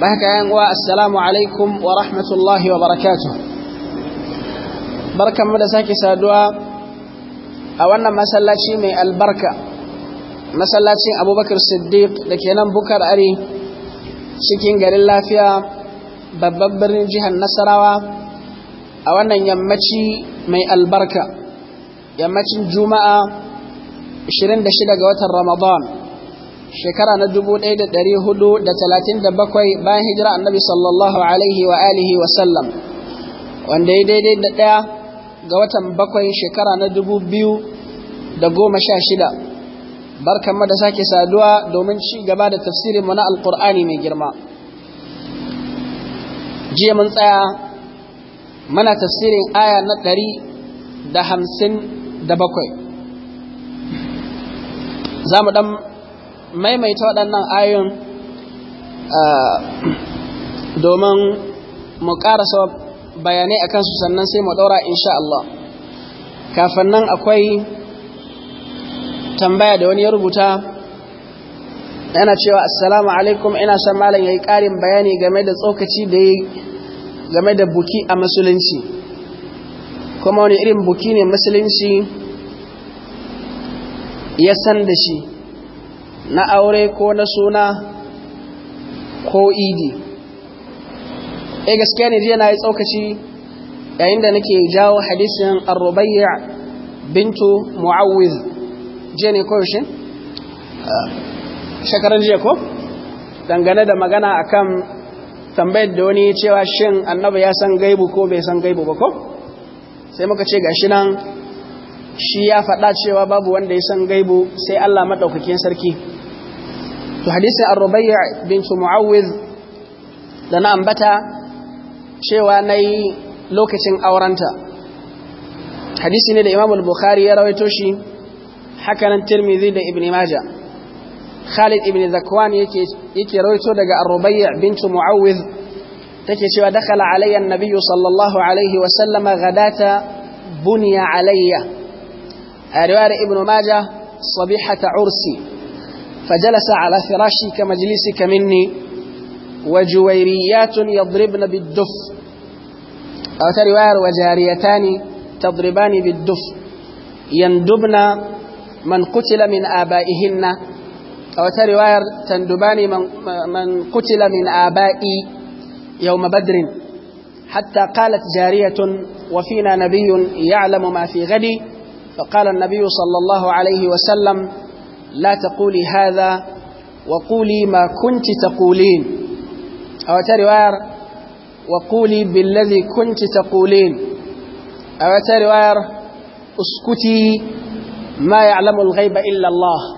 baka yan wa assalamu alaikum wa rahmatullahi wa barakatuh barkanmu da sake saduwa a wannan masallaci mai albarka masallacin abubakar siddiq da ke nan bukar ari cikin garin lafiya babban birnin jihar nasarawa a wannan yammaci mai albarka yammacin juma'a 26 ga watan ramadan shekara na dubu ɗaya da da da hudu talatin bakwai bayan hijira annabi sallallahu alaihi wa alihi wa sallam wanda ya daidai da ɗaya ga watan bakwai shekara na dubu biyu da goma shida shida. kama da sake saduwa domin ci gaba da tafsirin mu na Alƙur'ani mai girma jiya mun tsaya muna tafsirin aya na ɗari da hamsin da bakwai za mu ɗan maimaita waɗannan ayon domin mu ƙarasa bayanai a kansu sannan sai mu ɗaura insha Allah kafin nan akwai tambaya da wani ya rubuta yana cewa assalamu alaikum ina son malam ya yi ƙarin bayani game da tsokaci da ya game da buki a musulunci kuma wani irin buki ne musulunci ya san da shi na aure ko na suna ko idi e gaskiya ne jiya na yi tsaukaci yayin da nake jawo hadisin arrubayya bintu mu'awiz jiya ne shin ah, shekaran jiya ko dangane da magana akan tambayar da wani cewa shin annabi ya san gaibu ko bai san gaibu ba ko sai muka ce gashi nan shi ya faɗa cewa babu wanda ya san gaibu sai Allah maɗaukakin sarki to hadisin ar-rubayya bintu mu'awwiz da na ambata cewa nayi lokacin aurenta hadisi ne da Imam al-Bukhari ya rawaito shi hakanan nan Tirmidhi da Ibn maja Khalid ibn Zakwan yake yake rawaito daga ar bintu mu'awiz take cewa dakhala alayya an-nabiy sallallahu alaihi wa sallama ghadata buniya alayya a riwayar Ibn Majah sabihata ursi فجلس على فراشي كمجلسك مني وجويريات يضربن بالدف أو ترواية وجاريتان تضربان بالدف يندبن من قتل من آبائهن أو ترواية تندبان من, من قتل من آبائي يوم بدر حتى قالت جارية وفينا نبي يعلم ما في غدي فقال النبي صلى الله عليه وسلم لا تقولي هذا وقولي ما كنت تقولين أو ترواير وقولي بالذي كنت تقولين أو ترواير اسكتي ما يعلم الغيب إلا الله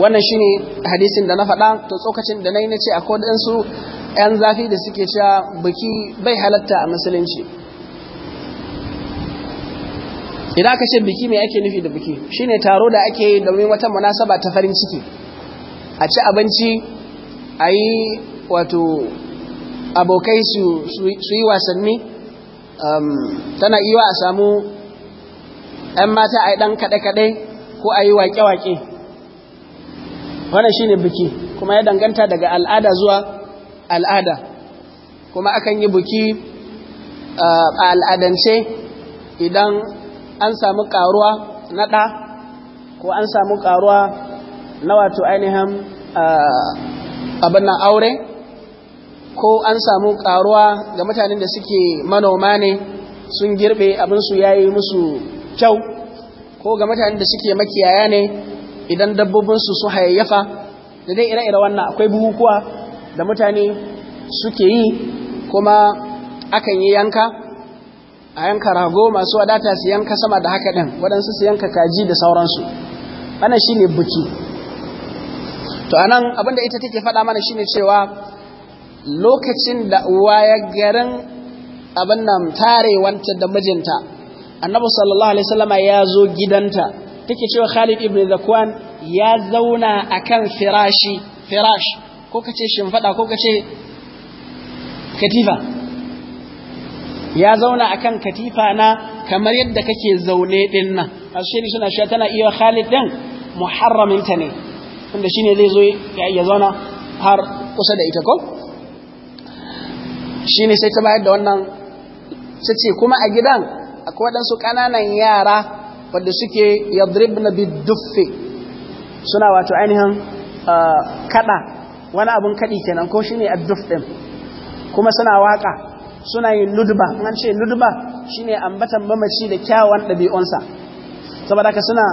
wannan shine hadisin da na faɗa to tsokacin da na yi na ce ɗansu 'yan zafi da suke cewa biki bai halatta a musulunci idan aka ce biki mai ake nufi da biki shine taro da ake yi domin wata munasaba ta farin ciki a ci abinci a yi wato abokai su yi wasanni um, tana iya a samu 'yan mata a yi ɗan kaɗe-kaɗe ko a yi waƙe-waƙe wannan shine biki kuma ya danganta daga al'ada zuwa al'ada kuma akan yi biki uh, a al'adance idan an samu ƙaruwa na ɗa ko an samu karuwa na wato ainihin ah, abin aure ko an samu ƙaruwa ga mutanen da suke manoma ne sun girbe abinsu ya yi musu kyau ko ga mutanen da suke makiyaya ne idan dabbobinsu su hayayyafa da dai ire-ire wannan akwai bukukuwa da mutane suke yi kuma akan yi yanka a yanka rago masu wadata su yanka sama da haka ɗin waɗansu su yanka kaji da sauransu wannan shi ne buki to a nan da ita take faɗa mana shi ne cewa lokacin da uwa ya garin abin nan tare wancan da mijinta annabi sallallahu alaihi wasallama ya zo gidanta take cewa Khalid ibn Zakwan ya zauna akan firashi firash ko kace shimfada ko kace katifa ya zauna a kan katifa na kamar yadda kake zaune ɗin nan ashe ne suna shi tana iya Khalid ɗin muharraminta ne. ne shi ne zai zo ya zauna har kusa da ita ko Shi ne sai ta bayar da wannan su ce kuma a gidan akwai waɗansu ƙananan yara wadda suke bi dufe suna wato ainihin kaɗa. wani abun kaɗi kenan ko shine adduf ɗin? kuma suna waka suna yin luduba an ce ludba shine ambatan mamaci da kyawawan ɗabi'unsa saboda haka suna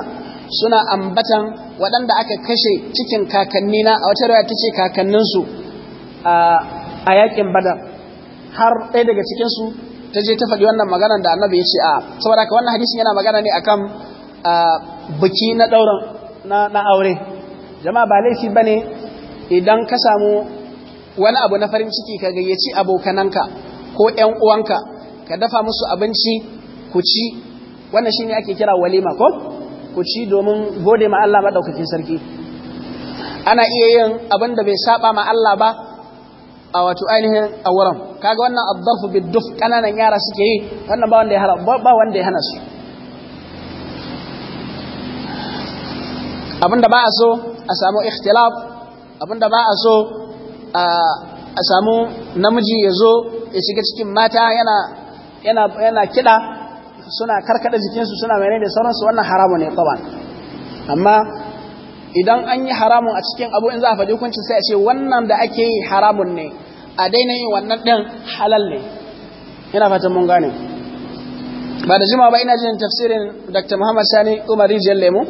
suna ambatan waɗanda aka kashe cikin kakannina a wata ta tace kakanninsu a yakin badar har ɗaya daga cikinsu ta je ta faɗi wannan magana da annabi ya ce a saboda haka wannan hadisin yana magana ne akan biki na ɗaurin na aure jama'a ba laifi bane idan ka samu wani abu na farin ciki ka gayyaci abokananka ko ‘yan uwanka ka dafa musu abinci ku ci wannan shi ne ake kira walima ko ku ci domin gode ma Allah madaukakin sarki ana iya yin abin da bai saba ma Allah ba a wato ainihin a wurin. kaga wannan bi duf kananan yara suke yi wannan ba wanda ya hana ba wanda ya hana su abinda ba a so a samu ikhtilaf abinda ba a so a samu namiji ya zo ya shiga cikin mata yana yana yana kiɗa suna karkada jikinsu suna mai da sauransu wannan haramu ne taban amma idan an yi haramun a cikin abu in za a faɗi hukuncin sai a ce wannan da ake yi haramun ne a daina yin wannan ɗin halal ne ina fatan mun gane ba da jima ba ina jin tafsirin dr muhammad sani umar rijiyar lemu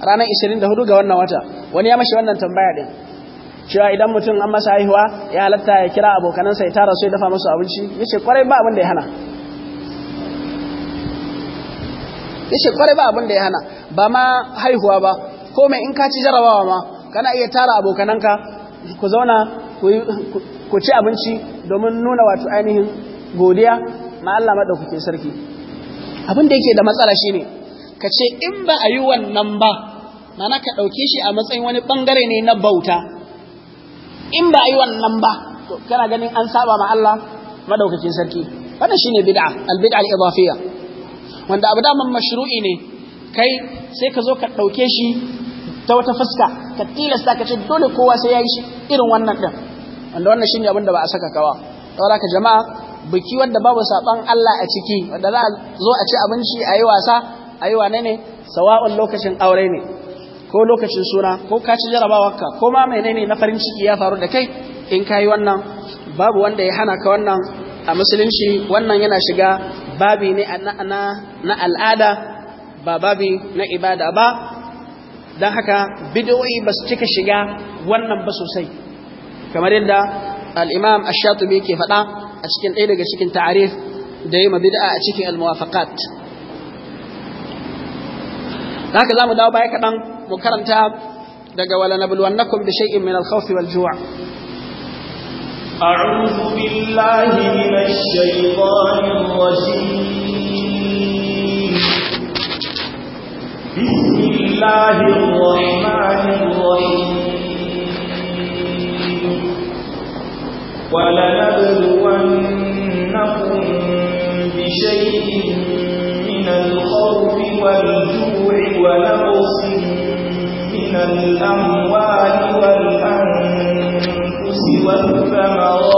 ranar 24 ga wannan wata wani ya mashi wannan tambaya ɗin cewa idan mutum an masa haihuwa ya halatta ya kira abokanansa ya tara su dafa masu abinci ya ce kwarai ba abin da ya hana ya ce kwarai ba abin da ya hana ba ma haihuwa ba ko mai in ka ci jarabawa ma kana iya tara abokananka ku zauna ku ci abinci domin nuna wato ainihin godiya ma Allah maɗaukakin sarki abin da yake da matsala shine ka ce in ba a yi wannan ba mana ka ɗauke shi a matsayin wani ɓangare ne na bauta in ba yi wannan ba to kana ganin an saba ma Allah madaukakin sarki wannan shine bid'a albid'a al-idafiyya wanda abu man mashru'i ne kai sai ka zo ka dauke shi ta wata fuska ka tilasta ka ce dole kowa sai yayi shi irin wannan din wanda wannan shine abin da ba a saka kawa saboda ka jama'a biki wanda babu saban Allah a ciki wanda za a zo a ci abinci a yi wasa a yi wane ne sawa'un lokacin aure ne ko lokacin suna ko ka ci jarabawarka ko ma menene na farin ciki ya faru da kai in ka wannan babu wanda ya hana ka wannan a musulunci wannan yana shiga babi ne na al'ada ba babi na ibada ba don haka bidiyoyi ba su cika shiga wannan ba sosai kamar yadda al'imam ashatubi ke faɗa a cikin ɗaya daga cikin ta'arif da yi mabida a cikin al-muwafaqat haka za mu dawo baya kaɗan ku daga wala nabluwannakum bi shay'in min al-khawf wal ju'a من الأموال والأنفس والثمرات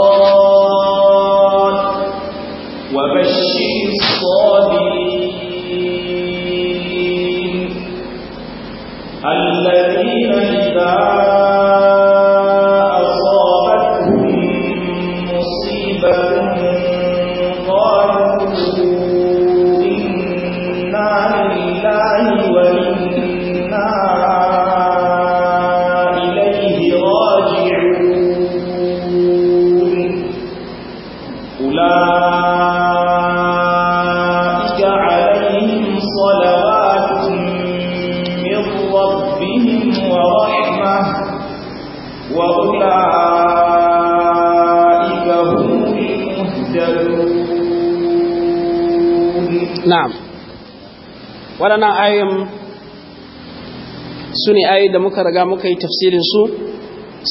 وبشر الصابرين الذين إذا waɗannan ayoyin su ne ayoyi da muka riga muka yi tafsirin su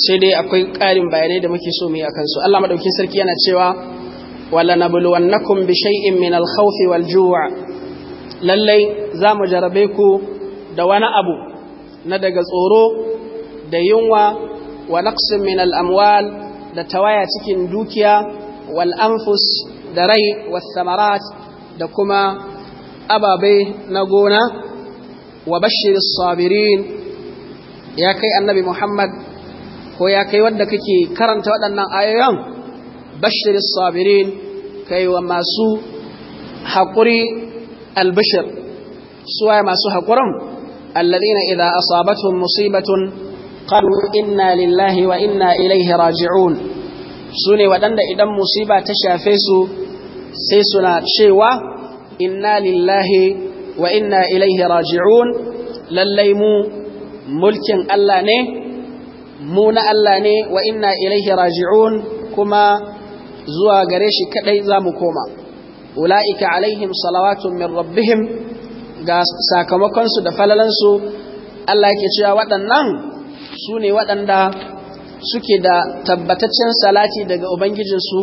sai dai akwai ƙarin bayanai da muke so mu yi akan su Allah madaukin sarki yana cewa wala nabluwannakum bi shay'in min al-khawf wal jua lallai za mu jarabe ku da wani abu na daga tsoro da yunwa wa naqsin min al-amwal da tawaya cikin dukiya wal anfus da rai was samarat da kuma ababai na gona wa bashir sabirin ya kai annabi Muhammad ko ya kai wanda kake karanta waɗannan ayoyin bashir sabirin kai wa masu haƙuri albishir suwaye masu haƙurin alladina idan asabatun musibatun qalu inna lillahi wa inna ilaihi raji'un su ne waɗanda idan musiba ta shafe su sai suna cewa inna lillahi wa inna ilaihi raji'un lallai mu mulkin Allah ne mu na Allah ne wa inna ilaihi raji'un kuma zuwa gare shi kadai za mu koma ula'ika alaihim salawatun min rabbihim ga sakamakonsu da falalansu Allah yake cewa waɗannan su ne waɗanda suke da tabbataccen salati daga Ubangijinsu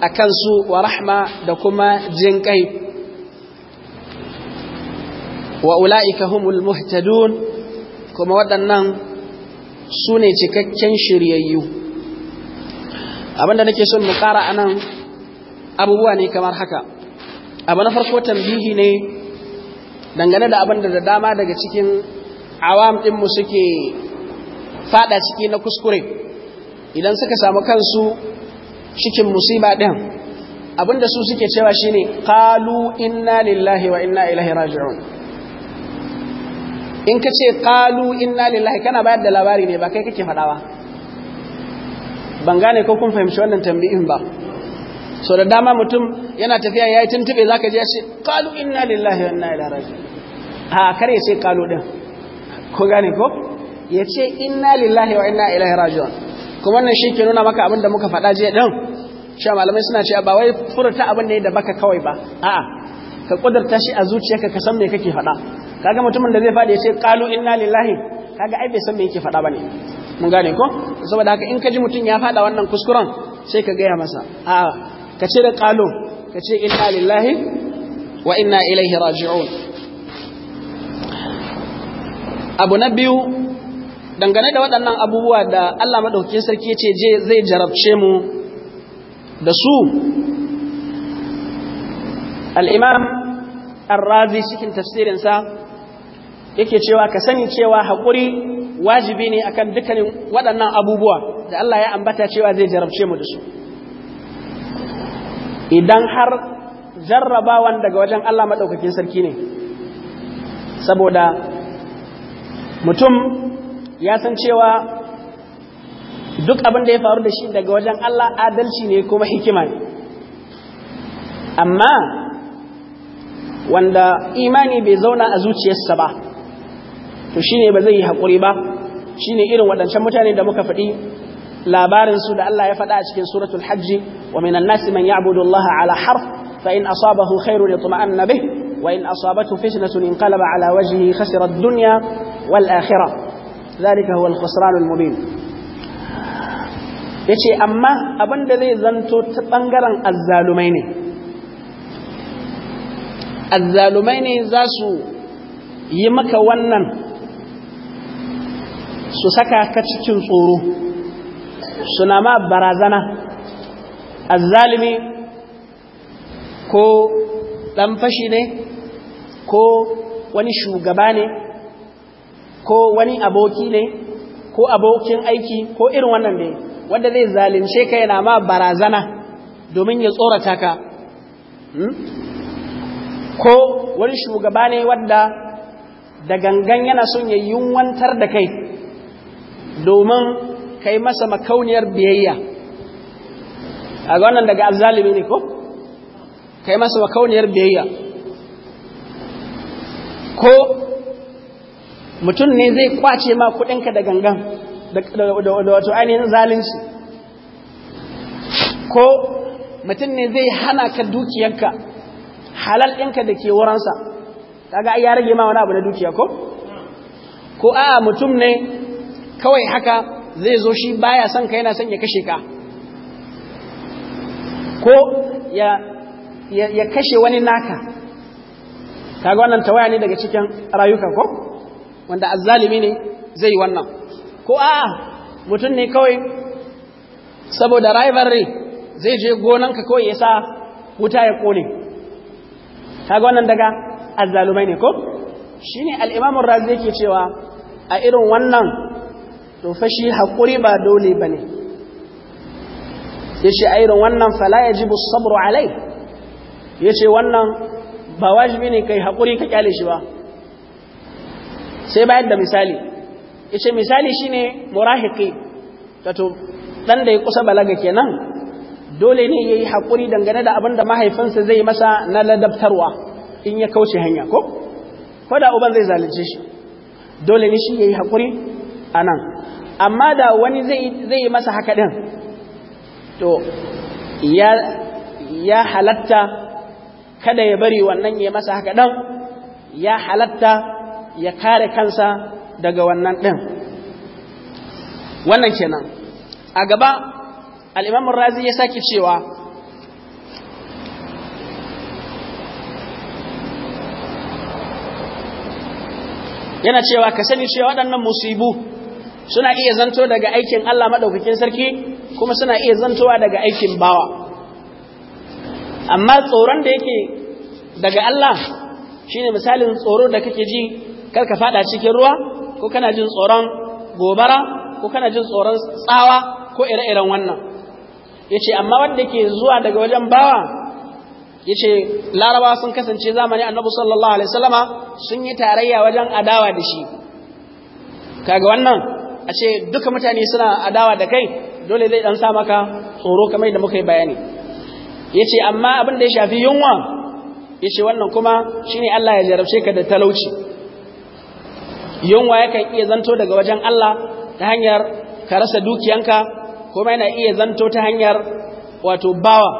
a kansu wa rahma da kuma jinƙai wa ula'ika humul muhtadun kuma waɗannan su ne cikakken shiryayyu abinda nake son mu ƙara anan abubuwa ne kamar haka abu na farko tambihi ne dangane da abinda da dama daga cikin awam ɗinmu suke fada ciki na kuskure idan suka samu kansu cikin musiba ɗin abinda su suke cewa shine qalu inna lillahi wa inna ilaihi raji'un in ka ce kalu inna lillahi kana bayar da labari ne ba kai kake faɗawa ban gane ko kun fahimci wannan tambayin ba so da dama mutum yana tafiya yayi tuntube zaka je ya ce kalu inna lillahi wa inna ilaihi raji'un a kar ya ce kalu din ko gane ko ya ce inna lillahi wa inna ilaihi raji'un kuma wannan shi ke nuna maka abin da muka faɗa jiya din cewa malamai suna cewa ba wai furta abin ne da baka kawai ba a'a ka kudurta shi a zuciyarka ka san me kake faɗa kaga mutumin da zai faɗi ya ce kalu inna lillahi kaga ai bai san me yake faɗa bane mun gane ko saboda haka in ka ji mutum ya faɗa wannan kuskuren sai ka gaya masa a ka ce da kalu ka ce inna lillahi wa inna ilaihi raji'un abu na biyu dangane da waɗannan abubuwa da Allah madaukakin sarki ya ce zai jarabce mu da su al-imam ar-razi cikin tafsirinsa yake cewa ka sani cewa haƙuri wajibi ne akan dukkanin waɗannan abubuwa da Allah ya ambata cewa zai jarabce mu da su idan har jarrabawan daga wajen Allah maɗaukakin sarki ne saboda mutum ya san cewa duk abin da ya faru da shi daga wajen Allah adalci ne kuma hikima ne amma wanda imani bai zauna a zuciyarsa ba to shine ba zai yi hakuri ba shine irin waɗancan mutane da muka fadi labarin su da Allah ya fada a cikin suratul hajj wa minan nasi man ya'budu Allah ala harf fa in asabahu khairun yatma'annu bih wa in asabatu fitnatun inqalaba ala wajhihi khasira ad-dunya wal akhirah zalika huwa al-khusran al-mubin yace amma abin zai zanto ta bangaren azzalumai ne azzalumai ne za su yi maka wannan su saka ka cikin tsoro suna ma barazana azzalimi ko ɗan fashi ne ko wani shugaba ne ko wani aboki ne ko abokin aiki ko irin wannan ne wanda zai zalunce ka yana ma barazana domin ya tsorata ka hmm? ko wani shugaba ne wadda da gangan yana son ya yunwantar da kai domin kai masa makauniyar biyayya a ga wannan daga azalimi ne ko kai masa makauniyar biyayya ko mutum ne zai kwace ma kudinka da gangan da wato ainihin zalunci ko mutum ne zai hana ka dukiyanka halal ɗinka da ke wuransa daga ya rage ma wani abu na dukiya ko ko a mutum ne kawai haka zai zo shi baya son ka yana son ya kashe ka ko ya kashe wani naka kaga wannan tawaya ne daga cikin rayuka ko wanda azzalimi ne zai yi wannan ko a mutum ne kawai saboda rivalry zai je gonanka kawai ya sa wuta ya kone kaga wannan daga azzalumai ne ko Shi ne al’imamun razi yake cewa a irin wannan to fa shi haƙuri ba dole ba ne ya ce irin wannan fala ya ji sabru alai ya ce wannan ba wajibi ne kai hakuri ka kyale shi ba sai bayan da misali ya ce misali shi ne murahiki tato ɗan da ya kusa balaga kenan dole ne ya yi haƙuri dangane da abin da mahaifinsa zai masa na ladabtarwa in ya kauce hanya ko ko da uban zai zalunce shi dole ne shi yayi hakuri anan amma da wani zai yi masa haka ɗin to ya halatta kada ya bari wannan ya masa haka ɗin ya halatta ya kare kansa daga wannan ɗin wannan kenan a gaba al'imamun razi ya sake cewa yana cewa ka sani cewa waɗannan musibu suna iya zanto daga aikin Allah maɗaukakin sarki kuma suna iya zantowa daga aikin bawa amma tsoron da yake daga Allah shine misalin tsoro da kake ji kar ka fada cikin ruwa ko kana jin tsoron gobara ko kana jin tsoron tsawa ko ire-iren wannan yace amma wanda yake zuwa daga wajen bawa yace laraba sun kasance zamani annabi sallallahu alaihi wasallama sun yi tarayya wajen adawa da shi kaga wannan a ce duka mutane suna adawa da kai dole zai dan sa maka tsoro kamar da muka yi bayani yace amma abin da ya shafi yunwa yace wannan kuma shine Allah ya jarabce ka da talauci yunwa yakan iya zanto daga wajen Allah ta hanyar ka rasa dukiyanka kuma yana iya zanto ta hanyar wato bawa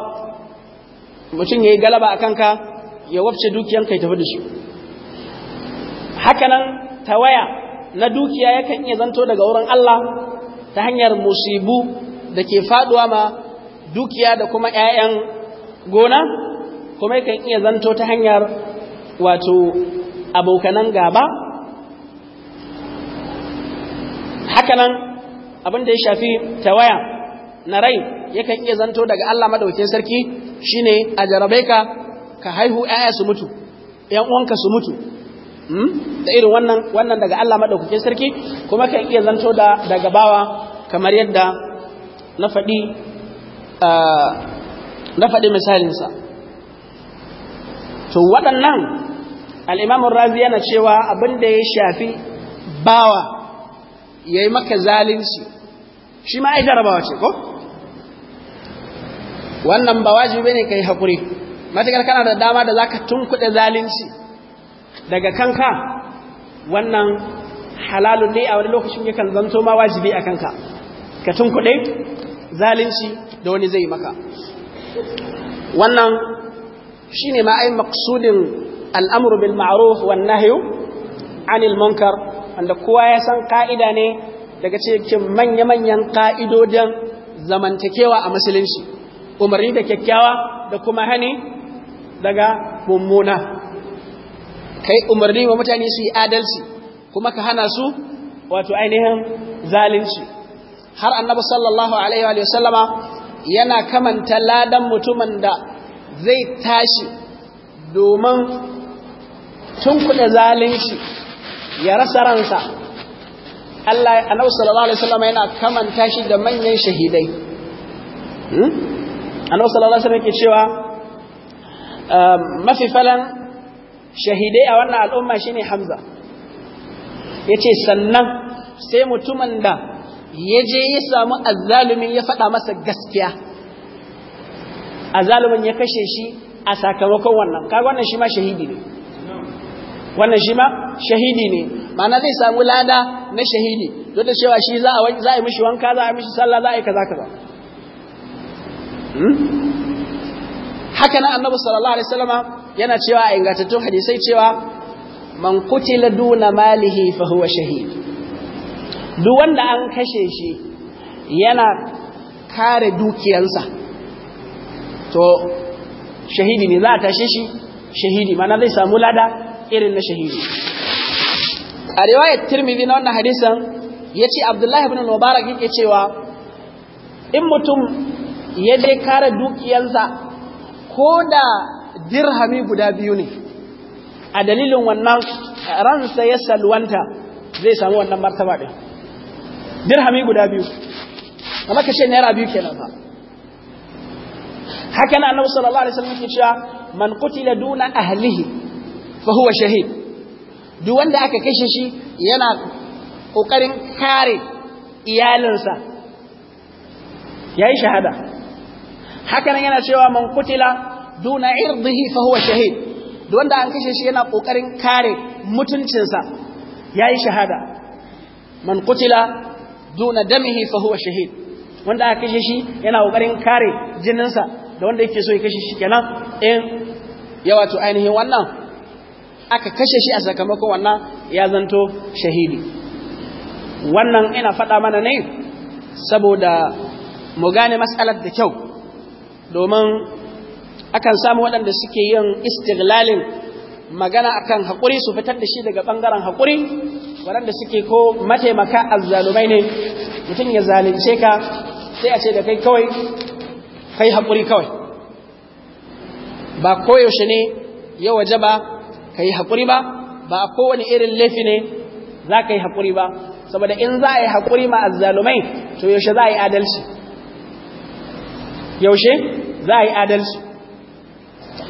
mutum yayi galaba akan ka ya wafce dukiyanka ya tafi da shi hakanan tawaya na dukiya yakan iya zanto daga wurin Allah ta hanyar musibu da ke faduwa ma dukiya da kuma ‘ya'yan gona kuma yakan iya zanto ta hanyar wato abokanan gaba hakanan abin da ya shafi tawaya na rai yakan iya zanto daga Allah madaukin sarki shine a jarabe ka ka haihu ‘ya'ya su mutu ‘yan uwanka su mutu Hmm? da irin wannan wannan daga Allah madaukakin sarki kuma kan iya zanto da daga bawa kamar yadda na faɗi na faɗi misalinsa to waɗannan al'imamun razi yana cewa abin da ya shafi bawa ya yi maka zalunci shi ma ai jarabawa ce ko wannan ba wajibi ne ka yi haƙuri matuƙar kana da dama da za ka tunkuɗe zalunci daga kanka wannan halalun ne a wani lokacin yakan zanto ma wajibi a kanka ka tunkuɗe zalunci da wani zai maka wannan shi ne ma'ai maksudin al'amuru bil ma'aruf wan anil munkar wanda kowa ya san ka'ida ne daga cikin manya-manyan ka'idodin zamantakewa a musulunci umarni da kyakkyawa da kuma hani daga mummuna kai umarni wa mutane su yi adalci kuma ka hana su wato ainihin zalunci har annabi sallallahu alaihi wa sallama yana kamanta ladan mutumin da zai tashi domin tunkuɗe zalunci ya rasa ransa Allah annabi sallallahu alaihi wa yana kamanta shi da manyan shahidai hmm? annabi sallallahu alaihi wa sallam yake cewa mafi falan shahidai a wannan al'umma shi ne hamza ya ce sannan sai mutumin da ya je ya samu azzalumin ya faɗa masa gaskiya azzalumin ya kashe shi a sakamakon wannan kaga wannan shi ma shahidi ne wannan shi ma shahidi ne ma'ana zai samu lada na shahidi duk da cewa shi za a yi mishi wanka za a yi mishi sallah za a yi kaza kaza hmm? haka nan annabi sallallahu alaihi wasallama yana cewa a ingantattun hadisai cewa man kutila duna malihi fa huwa shahid duk wanda an kashe shi yana kare dukiyansa to shahidi ne za a tashe shi shahidi mana zai samu lada irin na shahidi a riwayar tirmidhi na wannan hadisan yace abdullahi ibn mubarak yake cewa in mutum ya dai kare dukiyansa ko da dirhami guda biyu ne a dalilin wannan ransa ya salwanta zai samu wannan martaba ɗin dirhami guda biyu Kama ka ce naira biyu kenan fa haka na annabi sallallahu alaihi wasallam yake cewa man qutila duna ahlihi fa huwa shahid duk wanda aka kashe shi yana kokarin kare iyalinsa yayi shahada hakanan yana cewa man kutila duna irdihi fa huwa shahid duk wanda an kashe shi yana kokarin kare mutuncinsa yayi shahada man kutila duna damihi fa huwa shahid wanda aka kashe shi yana kokarin kare jininsa da wanda yake so ya kashe shi kenan in ya wato ainihin wannan aka kashe shi a sakamakon wannan ya zanto shahidi wannan ina faɗa mana ne saboda mu gane matsalar da kyau domin akan samu waɗanda suke yin istiglalin magana akan haƙuri su fitar da shi daga ɓangaren haƙuri waɗanda suke ko mataimaka azzalumai ne mutum ya zalunce ka sai a ce da kai kawai kai haƙuri kawai ba koyaushe ne ya waje ba ka yi haƙuri ba ba a kowane irin laifi ne za ka yi haƙuri ba saboda in za a yi haƙuri ma azzalumai to yaushe za a yi adalci yaushe za a yi adalci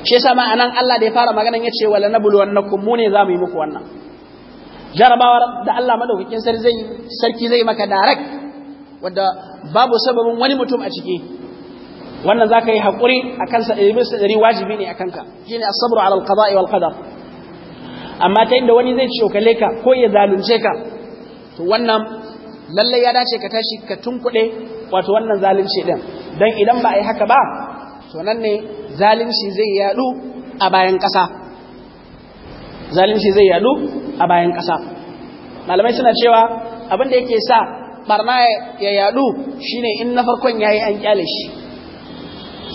shi sama a nan Allah da ya fara maganan ya ce wala nabulu wannakum mu ne za mu yi muku wannan jarabawar da Allah madaukakin sarki zai maka darak wadda babu sababin wani mutum a ciki wannan za ka yi hakuri a kansa ɗari bisa ɗari wajibi ne a kanka shi ne asabru ala wal qadar amma ta inda wani zai cokale ka ko ya zalunce ka to wannan lallai ya dace ka tashi ka tunkuɗe wato wannan zalunce ɗin don idan ba a yi haka ba to nan ne zalunci zai yadu a bayan ƙasa zalunci zai yadu a bayan ƙasa malamai suna cewa abin da yake sa barna ya yadu shine in na farkon yayi an kyale shi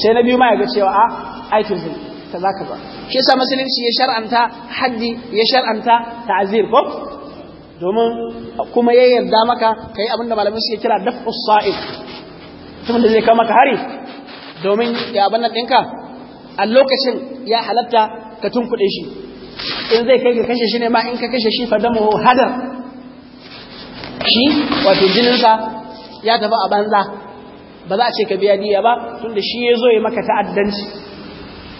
sai na biyu ma ya ga cewa a ah, aikin zai zaka ba shi yasa musulunci ya shar'anta haddi ya shar'anta ta'zir ko domin kuma ya yarda maka kai abin da malamai suke kira daf'us sa'id tun da zai kama ka hari domin ya abin nan ɗinka a lokacin ya halatta ka kuɗe shi in zai kai ka kashe shi ne ma in ka kashe shi fadamu hadar shi wato jininsa ya tafi a banza ba za a ce ka biya diya ba tunda shi ya zo ya maka ta'addanci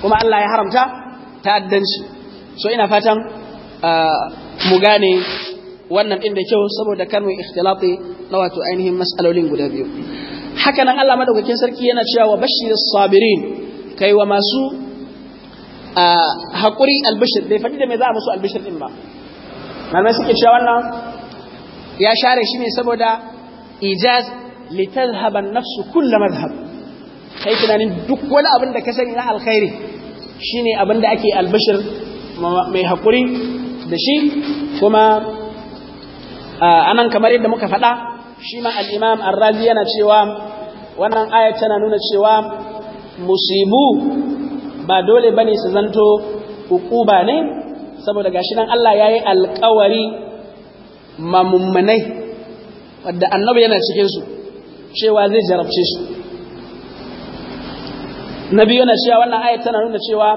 kuma Allah ya haramta ta'addanci so ina fatan mu gane wannan ɗin da kyau saboda kar mu ikhtilati na wato ainihin mas'alolin guda biyu haka nan Allah madaukakin sarki yana cewa wa bashir sabirin kai wa masu haƙuri albishir bai faɗi da me za a musu albishir ɗin ba malamai suke cewa wannan ya share shi ne saboda ijaz litazhaban nafsu kulla mazhab kai tunanin duk wani abin da ka sani na alkhairi shine abin da ake albishir mai haƙuri da shi kuma anan kamar yadda muka faɗa shi ma al razi yana cewa wannan ayat tana nuna cewa musibu ba dole ba ne su zanto hukuba ne saboda gashi nan Allah yi alkawari mamummanai wadda annabi yana cikinsu cewa zai jarabce su biyu na cewa wannan ayat tana nuna cewa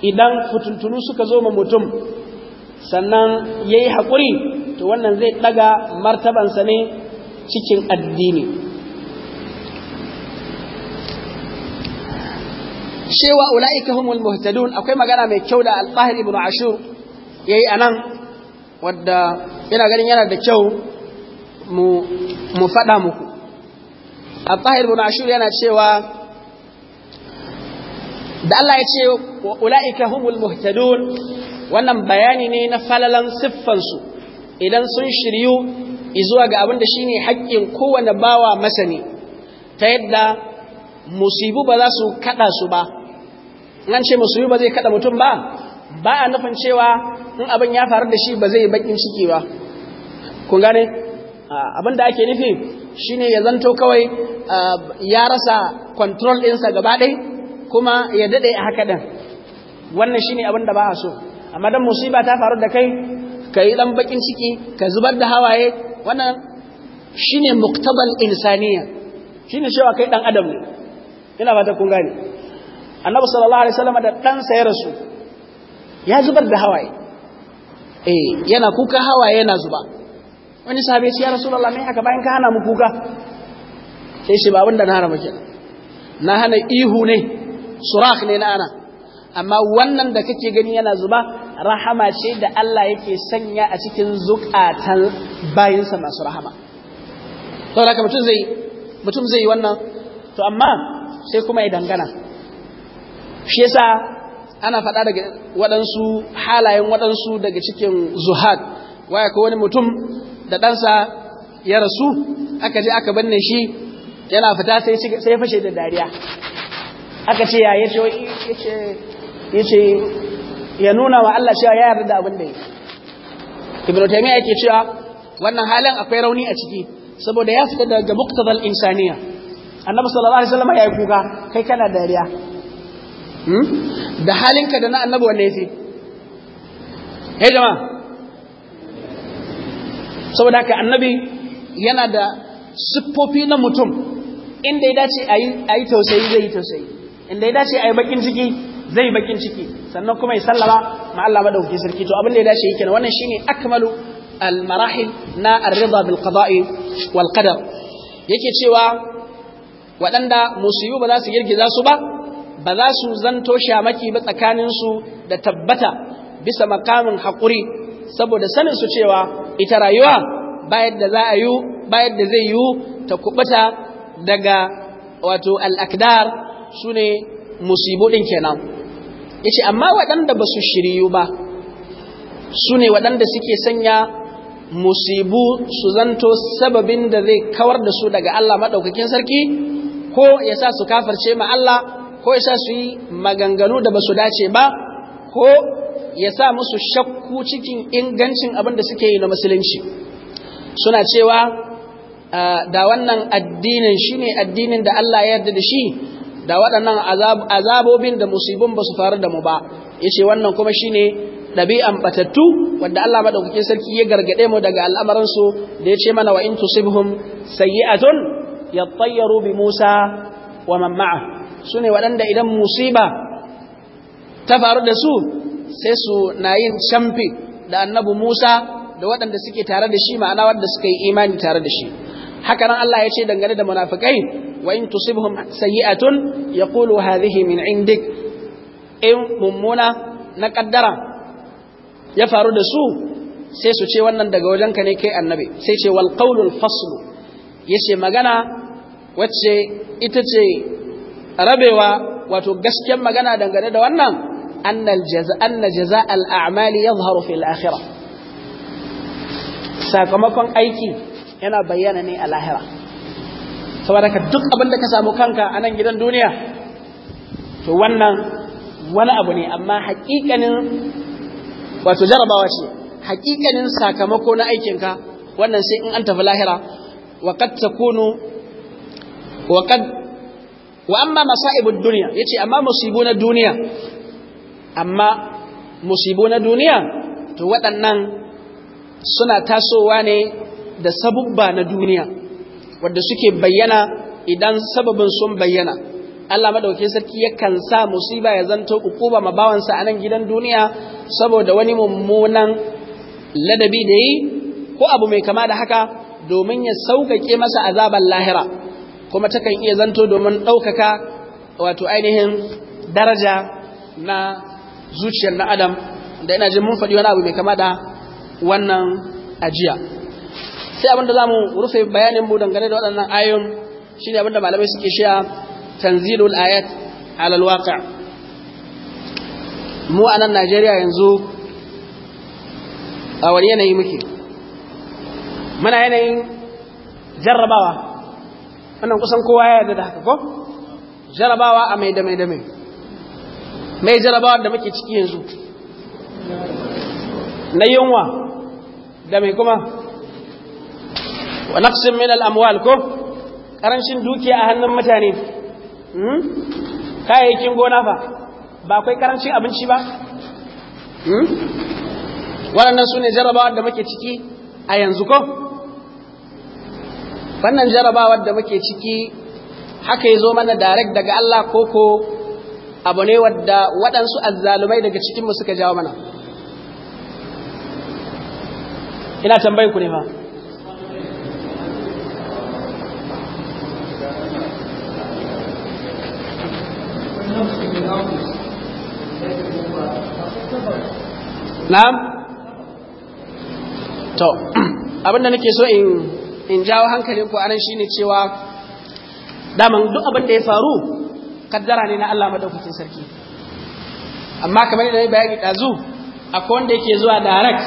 idan fituntunu suka zo ma mutum sannan ya yi haƙuri to wannan zai ɗaga martabansa ne cikin addini cewa ula'ika humul muhtadun akwai magana mai kyau da al qahir ibn ashur yayi anan wadda ina ganin yana da kyau mu mu fada muku al qahir ibn ashur yana cewa da Allah ya ce ula'ika humul muhtadun wannan bayani ne na falalan siffansu idan sun shiryu izuwa ga abin da shine haƙƙin kowane bawa masani ta yadda musibu ba za su kada su ba nan ce musibu ba zai kada mutum ba ba a nufin cewa in abin ya faru da shi ba zai bakin ciki ba kun gane abin da ake nufi shine ya zanto kawai ya rasa control ɗinsa gaba ɗai kuma ya daɗe a haka ɗin wannan shine abin da ba a so amma don musiba ta faru da kai ka yi ɗan baƙin ciki ka zubar da hawaye wannan shine muktabal insaniya shine cewa kai ɗan adam ne ina ta kun gane annabi sallallahu alaihi wasallam da ɗansa ya rasu ya zubar da hawaye eh yana kuka hawaye yana zuba wani sahabi ya rasulullah mai haka bayan ka hana mu kuka sai shi ba abin da na hana muke na hana ihu ne surakh ne na ana amma wannan da kake gani yana zuba rahama ce da Allah yake sanya a cikin zukatan bayinsa masu rahama to haka mutum zai mutum zai yi wannan to amma sai kuma ya dangana shi yasa ana faɗa daga waɗansu halayen waɗansu daga cikin zuhad waya ko wani mutum da ɗansa ya rasu aka je aka binne shi yana fita sai ya fashe da dariya aka ce ya yace ya nuna wa Allah cewa ya yarda da abin da yake ibn taymiya yake cewa wannan halin akwai rauni a ciki saboda ya fita daga muqtadal insaniya annabi sallallahu alaihi wasallam yayi kuka kai kana dariya hmm? da halinka da na annabi wanne yake hey jama'a saboda haka annabi yana da siffofi na mutum inda ya dace ayi ayi tausayi zai yi tausayi inda ya dace ayi bakin ciki zai bakin ciki sannan kuma ya sallama ma Allah madaukakin sarki to abin da ya dace yake wannan shine akmalu al marahil na ar-ridha bil qada'i wal qadar yake cewa waɗanda musiyu ba za su girgiza su ba ba za su zanto shamaki ba tsakanin su da tabbata bisa makamin haƙuri saboda sanin su cewa ita rayuwa bayan da za a yi bayan da zai yi ta kubuta daga wato al-akdar sune musibu ɗin kenan yace amma waɗanda ba su shiryu ba su ne waɗanda suke sanya musibu su zanto sababin da zai kawar da su daga Allah maɗaukakin sarki ko ya sa su kafarce ma Allah ko ya sa su yi maganganu da ba su dace ba ko ya sa musu shakku cikin ingancin abin da suke yi na musulunci suna cewa ah, da wannan addinin shine addinin da Allah ya yarda da shi da waɗannan azabobin da musibin ba su faru da mu ba Ya ce wannan kuma shine ɗabi'an batattu wanda Allah maɗaukakin sarki ya gargaɗe mu daga al'amuransu da ya ce mana wa in tusibhum sayyi'atun yattayyaru bi Musa wa man ma'a sune waɗanda idan musiba ta faru da su sai su na yin shamfi da annabi Musa da waɗanda suke tare da shi ma'ana waɗanda suka yi imani tare da shi haka nan Allah ya ce dangane da munafikai wa in tusibhum sayi'atun yaqulu hadhihi min indik in mummuna na ƙaddara. ya faru da su sai su ce wannan daga wajenka ne kai annabi sai ce wal qawlul fasl yace magana wacce ita ce rabewa wato gasken magana dangane da wannan annal jaza anna jaza al a'mali yadhharu fil akhirah sakamakon aiki yana bayyana ne a lahira saboda ka duk abin da ka samu kanka a nan gidan duniya to wannan wani abu ne amma haƙiƙanin wato jarabawa ce haƙiƙanin sakamako na aikinka wannan sai in an tafi lahira wa kad takunu wa kad wa amma masaibud dunya yace amma musibu na duniya amma musibu na duniya to waɗannan suna tasowa ne da sabubba na duniya wadda suke bayyana idan sababin sun bayyana Allah madaukin sarki yakan sa musiba ya zanto ukuba ma bawansa a nan gidan duniya saboda wani mummunan ladabi da yi ko abu mai kama da haka domin ya sauƙaƙe masa azaban lahira kuma takan iya zanto domin ɗaukaka wato ainihin daraja na zuciyar na adam da ina jin mun faɗi wani abu mai kama da wannan ajiya sai abinda za mu rufe bayanin mu dangane da waɗannan ayon shi ne abinda malamai suke sha tanzilul ayat alal waƙa mu a nan najeriya yanzu a wani yanayi muke muna yanayin jarrabawa wannan kusan kowa ya yarda da haka ko jarrabawa a mai da mai da mai mai jarrabawar da muke ciki yanzu na yunwa da mai kuma wa naqsin min al-amwal ko karancin dukiya a hannun mutane hmm? kayayyakin gona fa ba akwai karancin abinci ba hmm? Wannan su ne jarabawar da muke ciki a yanzu ko wannan jarabawar da muke ciki haka yazo mana direct daga Allah koko abu ne wadda waɗansu azzalumai daga cikinmu suka jawo mana ina tambayin ku ne fa na'am to abinda nake so in in jawo hankalin ku anan shine cewa daman duk abin da ya faru kaddara ne na Allah madaukakin sarki amma kamar da bayani dazu akwai wanda yake zuwa direct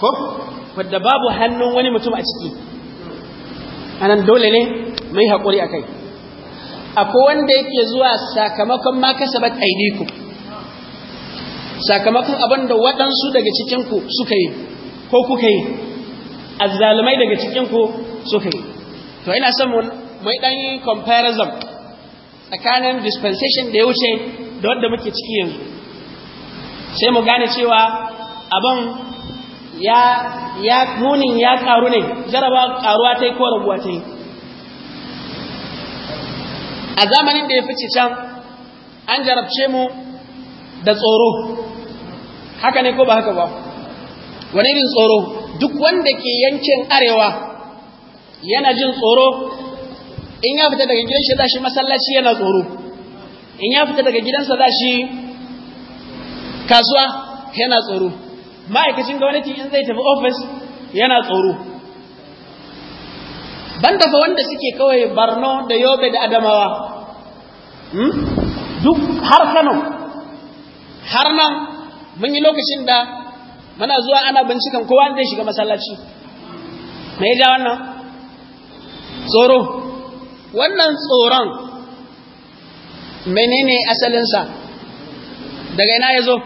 ko wadda babu hannun wani mutum a ciki anan dole ne mai haƙuri akai akwai wanda yake zuwa sakamakon ma aidiku ku. sakamakon abin da waɗansu daga cikinku suka yi ko kuka yi azzalumai daga cikinku suka yi to ina son mu yi ɗan comparison tsakanin dispensation da ya wuce da wanda muke ciki yanzu sai mu gane cewa abin ya ya munin ya karu ne jaraba karuwa ta ko raguwa ta yi a zamanin da ya fice can an jarabce mu da tsoro haka ne ko ba haka ba wani irin tsoro duk wanda ke yankin arewa yana jin tsoro in ya fita daga gidansa za shi masallaci yana tsoro in ya fita daga gidansa za shi kasuwa yana tsoro ma'aikacin gwamnati in zai tafi ofis yana tsoro ban dafa wanda suke kawai barno da yobe da adamawa hmm? duk har kano har nan mun yi lokacin da muna zuwa ana bincikan kowa zai shiga masallaci me ya wannan tsoro wannan tsoron menene asalinsa daga ina ya zo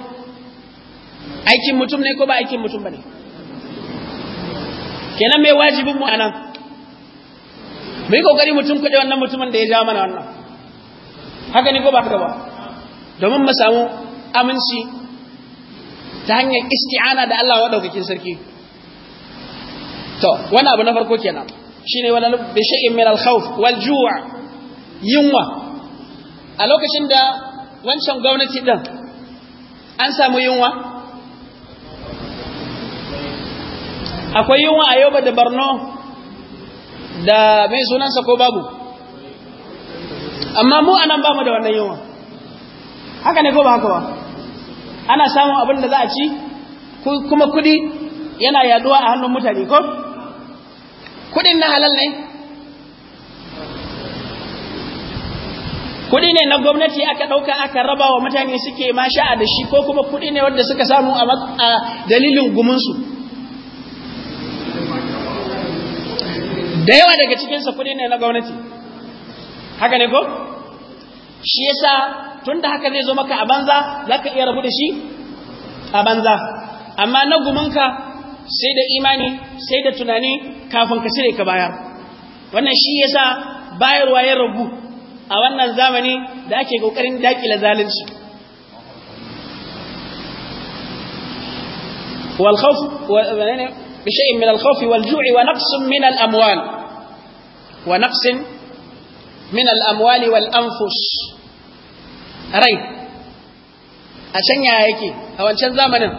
aikin mutum ne ko ba aikin mutum ba ne kenan mai wajibin a nan mu yi kokari mutum kuɗe wannan mutumin da ya ja mana wannan haka ne ko ba haka ba domin mu samu aminci ta hanyar isti'ana da Allah madaukakin sarki to wani abu na farko kenan ne wani da shay'in min al-khawf wal juwa yunwa a lokacin da wancan gwamnati ɗin an samu yunwa akwai yunwa a yau da barno da mai sunansa ko babu amma mu anan ba mu da wannan yunwa haka ne ko ba haka ba ana samun abin da za a ci kuma kudi yana yaduwa a hannun mutane ko kudin na halal ne kudi ne na gwamnati aka dauka aka raba wa mutane suke ma sha'a da shi ko kuma kudi ne wanda suka samu a dalilin gumunsu da yawa daga cikinsa kudi ne na gwamnati haka ne ko shi yasa Tunda haka zai zo maka a banza za ka iya rabu da shi a banza amma na gumanka sai da imani sai da tunani kafin ka cire ka bayar wannan shi yasa bayarwa ya rabu a wannan zamani da ake kokarin dakila zalunci wal khawf bi shay'in min al khawf wal ju'i wa min al amwal wa min al amwali wal anfus rai a can yaya yake a wancan zamanin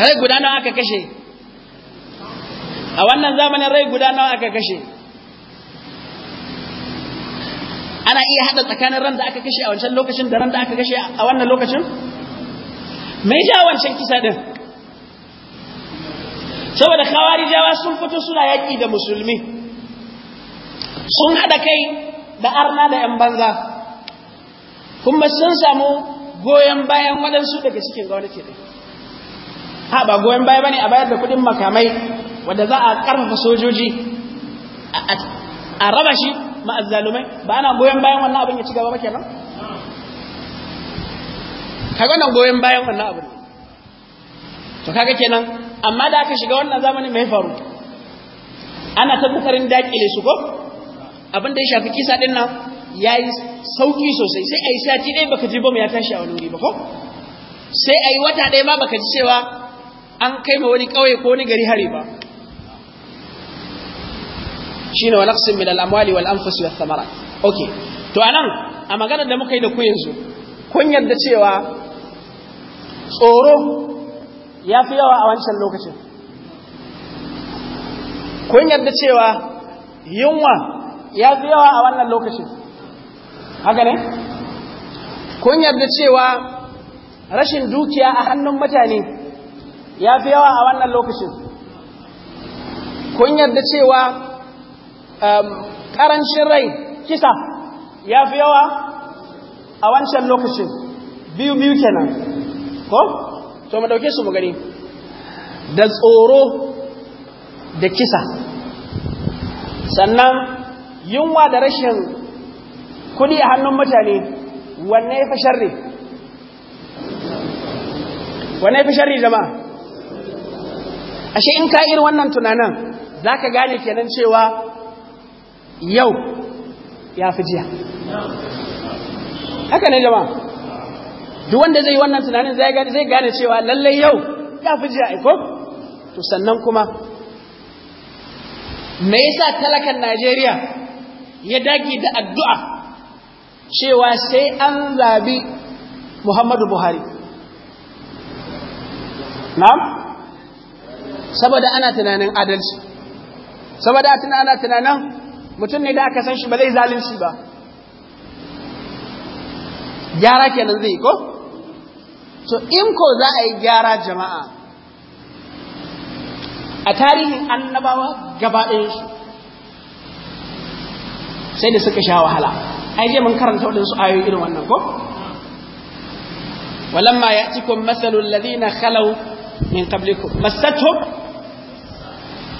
rai guda nawa aka kashe a wannan zamanin rai guda nawa aka kashe ana iya haɗa tsakanin ran da aka kashe a wancan lokacin da ran da aka kashe a wannan lokacin mai ja wancan kisa din saboda khawarijawa sun fito suna yaƙi da musulmi sun haɗa kai da arna da ‘yan banza’ kuma sun samu goyon bayan waɗansu daga cikin gwamnati ɗin ha ba goyon baya ne a bayar da kuɗin makamai wadda za a ƙarfafa sojoji a raba shi ma'azzalumai ba ana goyon bayan wannan abin ya ci gaba ba kenan Ka wannan goyon bayan wannan abin to kaga kenan amma da aka shiga wannan zamanin mai faru ana ta kokarin dakile su ko abin da ya shafi kisa ɗin nan ya yi sauƙi sosai sai a yi sati ɗaya baka ji bom ya tashi a wani wuri ba ko sai a yi wata ɗaya ma baka ji cewa an kai ma wani ƙauye ko wani gari hari ba shine wani naqsin min al-amwali wal anfusi wath thamarat okay to anan a maganar da muka yi da ku yanzu kun yarda cewa tsoro ya fi yawa a wancan lokacin kun yarda cewa yunwa ya fi yawa a wannan lokacin haka ne kun yarda cewa rashin dukiya a hannun mutane ya fi yawa a wannan lokacin kun yarda cewa um, ƙarancin rai kisa ya fi yawa a wancan lokacin biyu biyu kenan ko to mu su mu da tsoro da kisa sannan yunwa da rashin kuɗi a hannun mutane wanne ya fi sharri wanne ya fi sharri jama'a ashe in ka irin wannan tunanin za ka gane kenan cewa yau ya fi jiya haka ne jama'a duk wanda zai yi wannan tunanin zai gane cewa lallai yau ya fi jiya iko to sannan kuma me yasa talakan najeriya ya dage da addu'a cewa sai an zabi Muhammadu Buhari na'am saboda ana tunanin adalci saboda ana tunanin mutum ne da aka san shi ba zai zalunci ba gyara kenan zai ko so in ko za a yi gyara jama'a a tarihin annabawa gaba ɗayansu sai da suka sha wahala ai je mun karanta waɗansu ayoyi irin wannan ko walamma ya'tikum mathalul ladina khalaw min qablikum massatuhum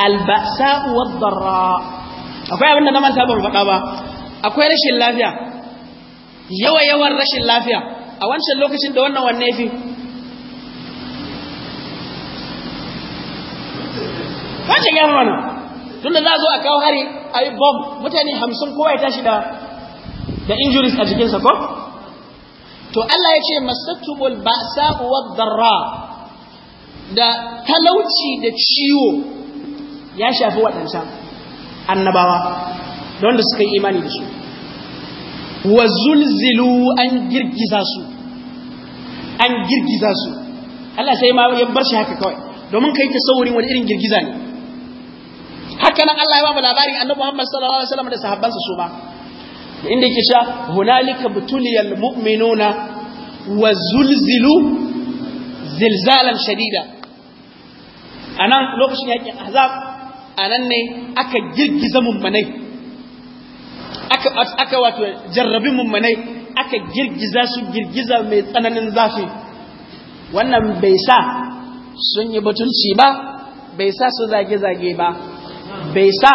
alba'sa'u wad-dharra akwai abin da na manta ban faɗa ba akwai rashin lafiya yawa yawan rashin lafiya a wancan lokacin da wannan wanne fi wancan ya mana tunda za a zo a kawo hari a yi bom mutane hamsin kowa ya tashi da da injuries a jikinsa ko to Allah ya ce masattumul ba'sa wa darra da talauci da ciwo ya shafi waɗancan annabawa don da suka yi imani da su wa zulzilu an girgiza su an girgiza su Allah sai ma ya bar shi haka kawai domin kai saurin wani irin girgiza ne haka nan Allah ya ba mu labarin annabawa Muhammad sallallahu alaihi wasallam da sahabbansa su ba inda yake sha hunalika butuliyal mu'minuna wa zulzilu zilzalan shadida anan lokacin yakin azab anan ne aka girgiza mummanai aka aka wato jarrabi mummanai aka girgiza su girgiza mai tsananin zafi wannan bai sa sun yi butulci ba bai sa su zage-zage ba bai sa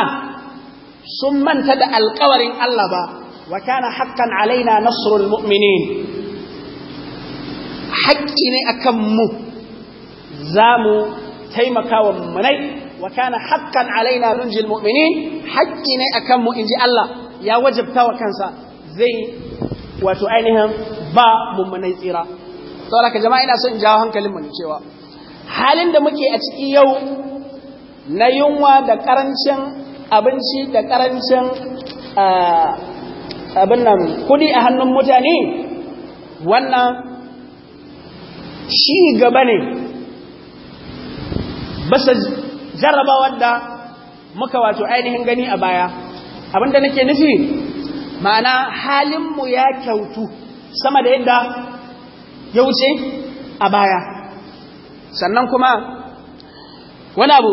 sun manta da alkawarin Allah ba وكان حقا علينا نصر المؤمنين حقنا أكم زامو تيمكا ومني وكان حقا علينا ننجي المؤمنين حقنا أكم إن جاء الله يا وجب تاوى كنسا زي وتعينهم با ممني tsira saboda ka jama'a ina son jawo hankalinmu ne cewa halin da muke a ciki yau na yunwa da karancin abinci da karancin abin nan kudi a hannun mutane wannan shi gaba ne basa jaraba wadda muka wato ainihin gani a baya abinda nake nufi ma'ana halinmu ya kyautu sama da yadda ya wuce a baya sannan kuma wani abu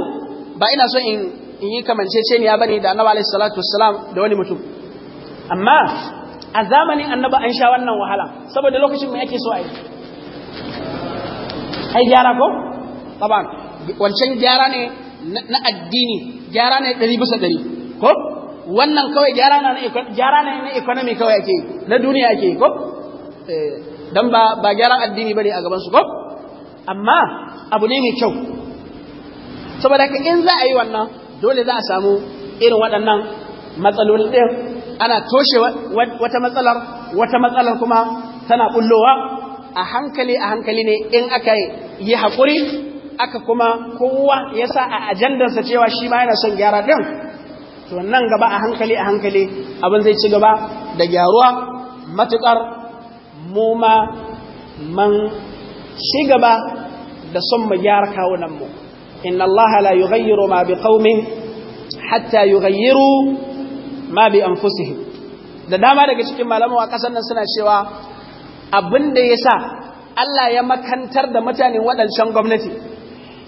ba ina so in yi kamance ya bane da annabi alaihi salatu salam da wani mutum amma a zamanin annaba an sha wannan wahala saboda lokacin mai ake so a yi ai gyara ko taban wancan gyara ne na addini gyara ne ɗari bisa ɗari ko wannan kawai gyara na gyara ne na economy kawai ake yi na duniya ake yi ko eh, don ba gyara gyaran addini bane a gabansu ko amma abu ne mai kyau saboda in za a yi wannan dole za a samu irin waɗannan matsalolin ɗin ana toshe wata matsalar wata matsalar kuma tana bullowa a hankali a hankali ne in aka yi haƙuri aka kuma kowa ya sa a ajandarsa cewa shi ma yana son gyara ɗin to nan gaba a hankali a hankali abin zai ci gaba da gyaruwa matuƙar mu ma man ci gaba da son mu gyara mu. inna allaha la yughayyiru ma biqaumin hatta yughayyiru ma bi anfusihim da dama daga cikin malamu a kasar nan suna cewa abin da sa Allah ya makantar da mutane waɗancan gwamnati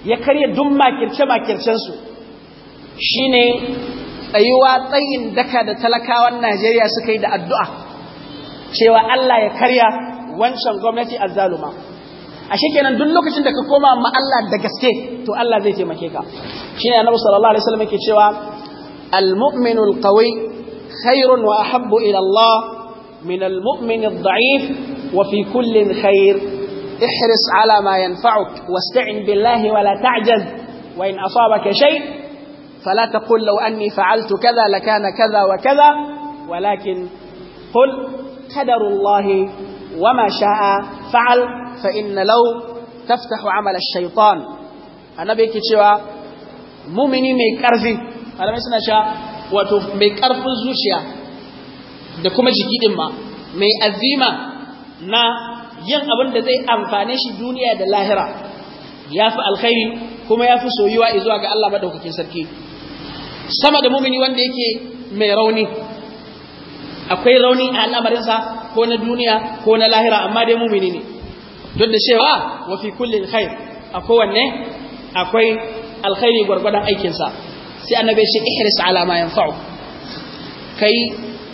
ya karya duk makirce makircen su shine tsayuwa tsayin daka da talakawan Najeriya suka yi da addu'a cewa Allah ya karya wancan gwamnati azzaluma ashe kenan duk lokacin da ka koma ma Allah da gaske to Allah zai taimake ka shine annabi sallallahu alaihi wasallam yake cewa المؤمن القوي خير وأحب إلى الله من المؤمن الضعيف وفي كل خير احرص على ما ينفعك واستعن بالله ولا تعجز وإن أصابك شيء فلا تقل لو أني فعلت كذا لكان كذا وكذا ولكن قل قدر الله وما شاء فعل فإن لو تفتح عمل الشيطان أنا كتشوى مؤمنين كرزي malamai suna sha wato mai ƙarfin zuciya da kuma jiki din ma mai azima na yin abin da zai amfane shi duniya da lahira ya fi alkhairi kuma ya fi soyuwa zuwa ga Allah maɗaukakin sarki sama da mumini wanda yake mai rauni akwai rauni a al'amarinsa ko na duniya ko na lahira amma dai mumini ne duk da cewa wa fi kullin khair a kowanne akwai alkhairi gwargwadon aikinsa sai annabi shi ihris ala ma yanfa'u kai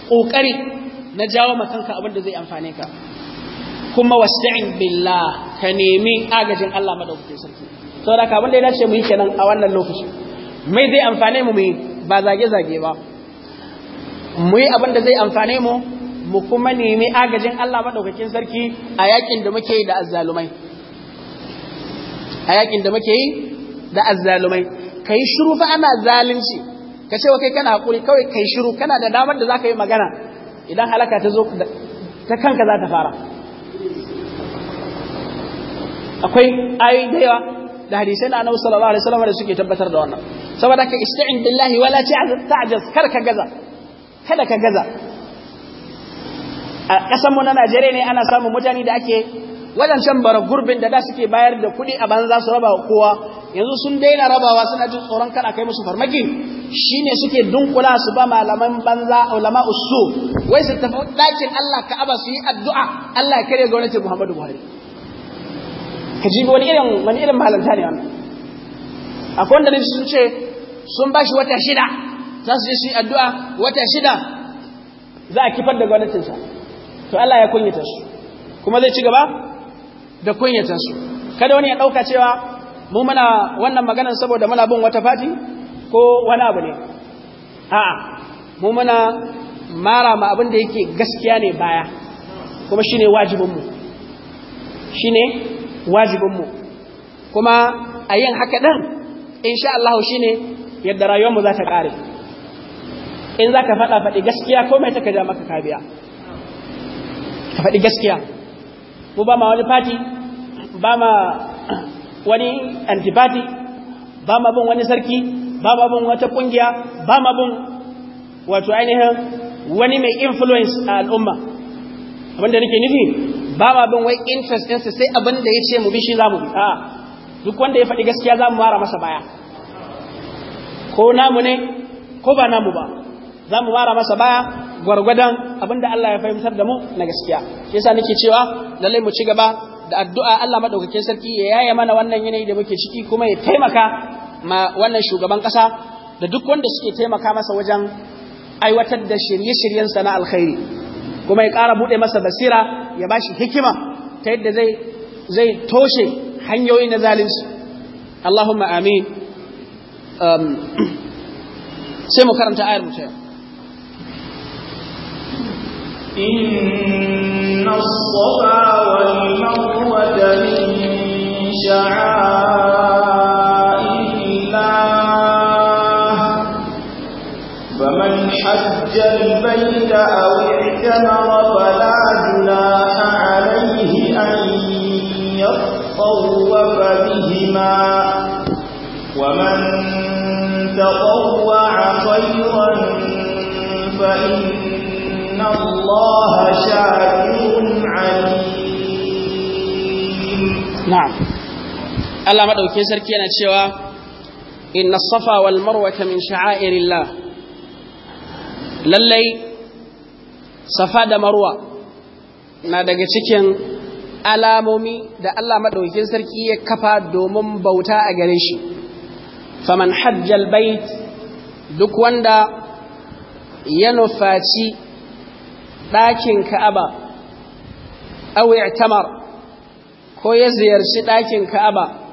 kokari na jawo ma kanka abin da zai amfane ka kuma wasta'in billah ka nemi agajin Allah madaukake sarki saboda ka abin da ya dace mu yi kenan a wannan lokaci mai zai amfane mu mu ba zage zage ba mu yi abin da zai amfane mu mu kuma nemi agajin Allah madaukakin sarki a yakin da muke yi da azzalumai a yakin da muke yi da azzalumai kai shiru fa ana zalunci ka ce wa kai kana hakuri kawai kai shiru kana da damar da za ka yi magana idan halaka ta zo ta kanka za ta fara akwai ayoyi da yawa da hadisai na annabi sallallahu alaihi wasallam da suke tabbatar da wannan saboda ka isti'in billahi wala ta'jaz kar ka gaza kada ka gaza a ƙasar mu na Najeriya ne ana samun mutane da ake wadancan bara gurbin da da suke bayar da kuɗi a banza su raba kowa yanzu sun daina rabawa suna jin tsoron kada kai musu farmaki shine suke dunkula su ba malaman banza ulama usu wai su tafi dakin Allah Ka'aba su yi addu'a Allah ya kare gwamnatin Muhammadu Buhari ka ji wani irin wani irin malanta ne wannan akwai wanda ne sun ce sun bashi wata shida za su je su yi addu'a wata shida za a kifar da gwamnatinsa to Allah ya kunyata su kuma zai ci gaba da kunyata su kada wani ya dauka cewa mu muna wannan maganar saboda muna bin wata fati ko wani abu ne a'a mu muna mara ma abin da yake gaskiya ne baya kuma shine mu shine mu. kuma a yin haka ɗin insha Allah shine yadda rayuwarmu za ta ƙare in za ka faɗa faɗi gaskiya ko mai ta kaja maka kabiya ka faɗi gaskiya mu ba ma wani fati ba ma wani antibati ba ma bin wani sarki ba ma bin wata kungiya ba ma bin wato ainihin wani mai influence a al'umma abinda nake nufi ba ma bin wai interest ɗinsa sai abin da ya ce mu bi shi za mu bi duk wanda ya faɗi gaskiya za mu mara masa baya ko namu ne ko ba namu ba za mu mara masa baya gwargwadon abinda Allah ya fahimtar da mu na gaskiya shi yasa nake cewa lallai mu ci gaba da addu'a Allah maɗaukakin sarki ya yaya mana wannan yanayi da muke ciki kuma ya taimaka ma wannan shugaban ƙasa da duk wanda suke taimaka masa wajen aiwatar da shirye-shiryensa na alkhairi kuma ya ƙara buɗe masa basira ya ba shi hikima ta yadda zai zai toshe hanyoyi na zalinsu. Allahumma amin um, sai mu karanta ayar mu إن الصفا والمروة شعائر الله فمن حج البيت أو اعتمر فلا جناح عليه أن يطوف بهما ومن تطوع خيرا فإن الله شاكر عليم نعم Allah madaukakin sarki yana cewa inna safa wal marwata min sha'airillah lallai safa da marwa na daga cikin alamomi da Allah maɗaukin sarki ya kafa domin bauta a gare shi. Faman hajjal bait duk wanda ya nufaci ɗakin Ka'aba, aw tamar ko ya ziyarci ɗakin Ka'aba,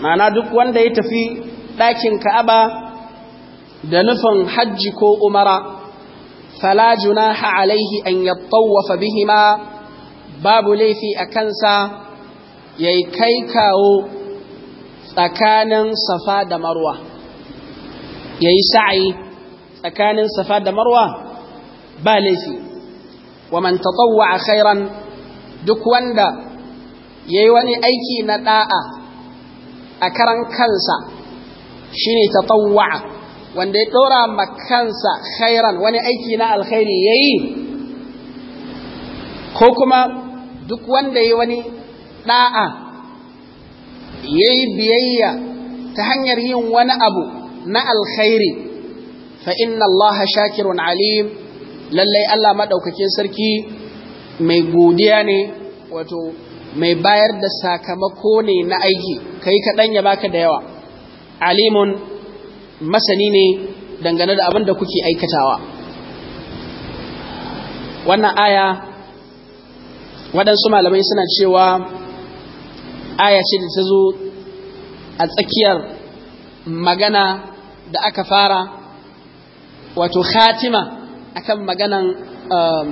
ma'ana duk wanda ya tafi ɗakin ka'aba da nufin hajji ko umara fala haalaihi alaihi an bihi bihima babu laifi a kansa yi kai kawo tsakanin safa da marwa yi sa'ayi tsakanin safa da marwa ba laifi wa man a khairan duk wanda ya yi wani aiki na ɗa'a. a karan kansa shi ne shine tatawwa'a wanda ya dora ma kansa khairan wani aiki na alkhairi yi? ko kuma duk wanda ya wani ɗa'a ya yi biyayya ta hanyar yin wani abu na alkhairi fa inna allaha shakirun alim lallai Allah madaukakin sarki mai godiya ne wato mai bayar da sakamako ne na aiki kai kaɗan ya baka da yawa alimun masani ne dangane da abin da kuke aikatawa wannan aya waɗansu malamai suna cewa aya ce da ta zo a tsakiyar magana da aka fara wato khatima akan maganan um,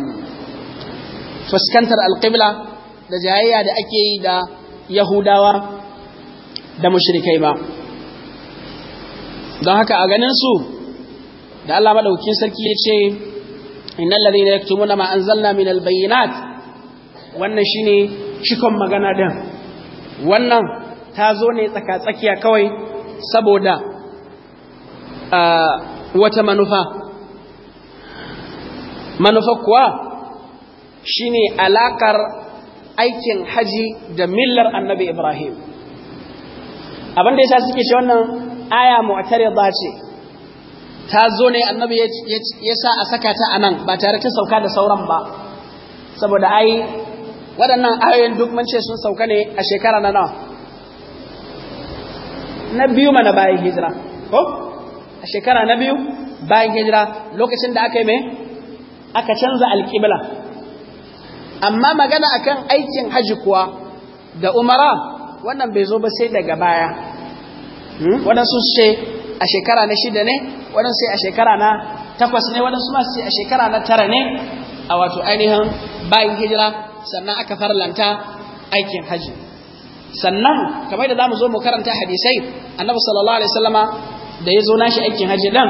fuskantar alƙibla da jayayya da ake yi da yahudawa da mushrikai ba don haka a ganin su da Allah maɗaukin sarki ya ce innal ladhina yaktumuna ma anzalna min bayyinat wannan ne cikon magana ɗin. wannan ta zo ne tsaka tsakiya kawai saboda wata manufa manufa kuwa shine alaƙar aikin haji da millar annabi Ibrahim abin da sa suke ce wannan aya mu'tarida ce ta zo ne annabi ya sa a saka ta anan ba tare ta sauka da sauran ba saboda ai waɗannan ayoyin duk mun ce sun sauka ne a shekara na nawa na biyu mana bayan hijira ko a shekara na biyu bayan hijira lokacin da aka yi mai aka canza alƙibla amma magana akan aikin haji kuwa da umara wannan bai zo ba sai daga baya hmm? waɗansu ce a shekara na shida ne waɗansu sai a shekara na takwas ne waɗansu ma sai a shekara na tara ne a wato ainihin bayan hijira sannan aka farlanta aikin haji sannan kamar da zamu zo mu karanta hadisai annabi sallallahu alaihi wasallama da ya zo nashi aikin haji dan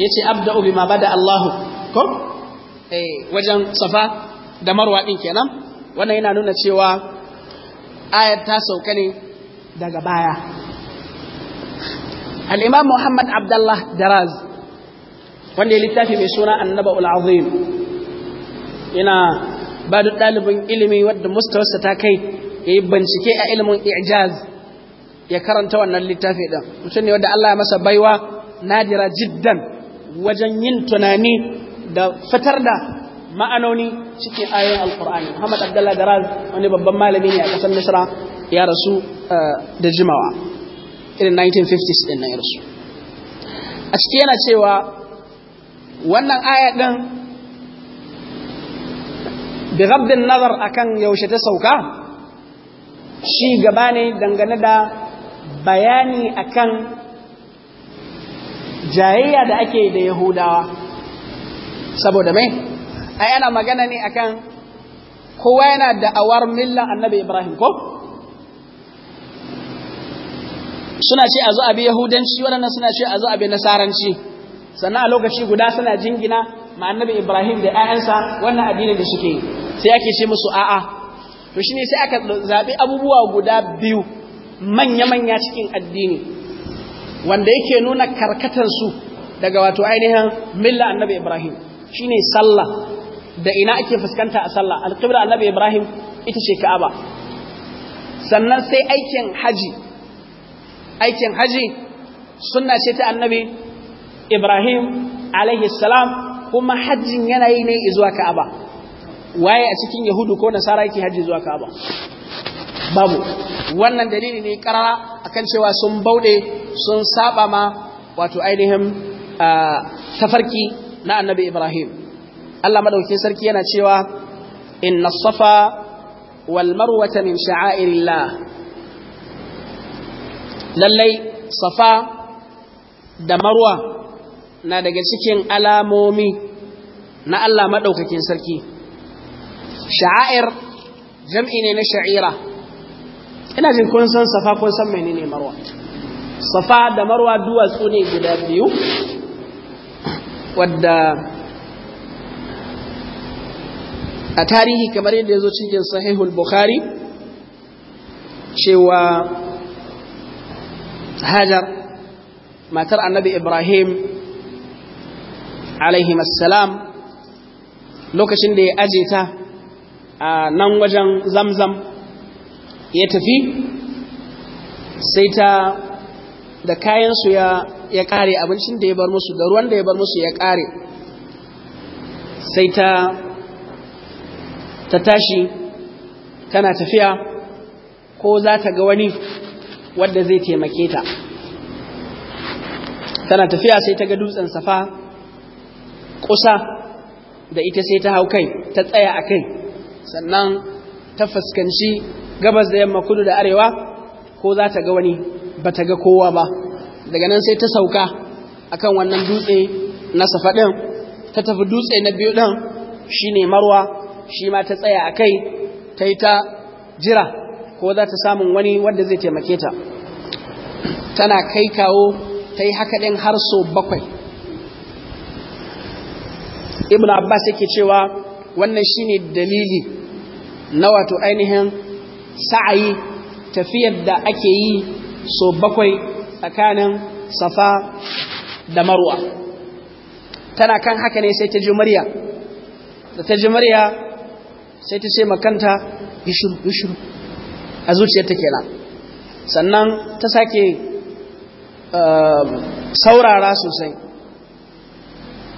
yace abda'u bima bada Allahu ko eh wajen safa da marwa din kenan wannan yana nuna cewa ayar ta sauka ne daga baya al'imam muhammad abdullah daraz wanda ya littafi mai suna annaba ul'azim yana ba da ɗalibin ilimi wadda mustawarsa ta kai ya yi bincike a ilimin ijaz ya karanta wannan littafi ɗin mutum ne wadda allah ya masa baiwa nadira jiddan wajen yin tunani da fitar da ma'anoni cikin ayoyin alkur'ani muhammad abdullahi daraz wani babban malami ne a kasar misra ya rasu eh, da jimawa irin 1950s din na ya rasu a ciki yana cewa wannan aya din bi gabdin nazar akan yaushe ta sauka shi gaba ne dangane da bayani akan jayayya da ake da yahudawa saboda mai ai ana magana ne akan kowa yana da'awar millan annabi Ibrahim ko suna ce a zo abi yahudanci waɗannan suna ce a zo abi nasaranci sannan a lokaci guda suna jingina ma annabi Ibrahim da ƴaƴansa wannan addinin da suke sai ake ce musu a'a to shine sai aka zabi abubuwa guda biyu manya-manya cikin addini wanda yake nuna karkatar su daga wato ainihin milla annabi Ibrahim shine sallah da ina ake fuskanta a sallah alƙibla annabi ibrahim ita ce ka'aba sannan sai aikin haji aikin haji sunna ce ta annabi ibrahim alaihi salam kuma hajjin yana yi ne zuwa ka'aba waye a cikin yahudu ko nasara yake haji zuwa ka'aba babu wannan dalili ne karara akan cewa sun bauɗe sun saba ma wato ainihin ah, tafarki na annabi ibrahim Allah madaukin sarki yana cewa inna safa wal marwata min sha'airillah lallai safa da marwa na daga cikin alamomi na Allah madaukakin sarki sha'air jam'i ne na sha'ira ina jin kun san safa kun san menene marwa safa da marwa duwatsu ne guda biyu wadda a tarihi kamar yadda ya zo cikin sahihul bukhari cewa hajar matar annabi ibrahim alaihimassalam lokacin da ya aje ta a nan wajen zamzam ya tafi sai ta da kayansu ya ya kare abincin da ya bar musu da ruwan da ya bar musu ya kare sai ta ta tashi tana tafiya ko za ta ga wani wadda zai taimake ta tana tafiya sai ta ga dutsen safa kusa da ita sai ta hau kai ta tsaya a kai sannan ta fuskanci gabas da yamma kudu da arewa ko za ta ga wani ba ta ga kowa ba daga nan sai ta sauka akan wannan dutse na safa ɗin ta tafi dutse na biyu ɗin shine marwa shi ma ta tsaya a kai ta yi ta jira ko za ta samun wani wanda zai taimake ta tana kai kawo ta yi haka ɗin har so bakwai ibn abbas yake cewa wannan shine dalili na wato ainihin sa'ayi tafiyar da ake yi so bakwai tsakanin safa da marwa tana kan haka ne sai ta ji murya da ta ji murya sai ta ce makanta yishuru yishuru a zuciyar ta kenan sannan ta sake um, saurara sosai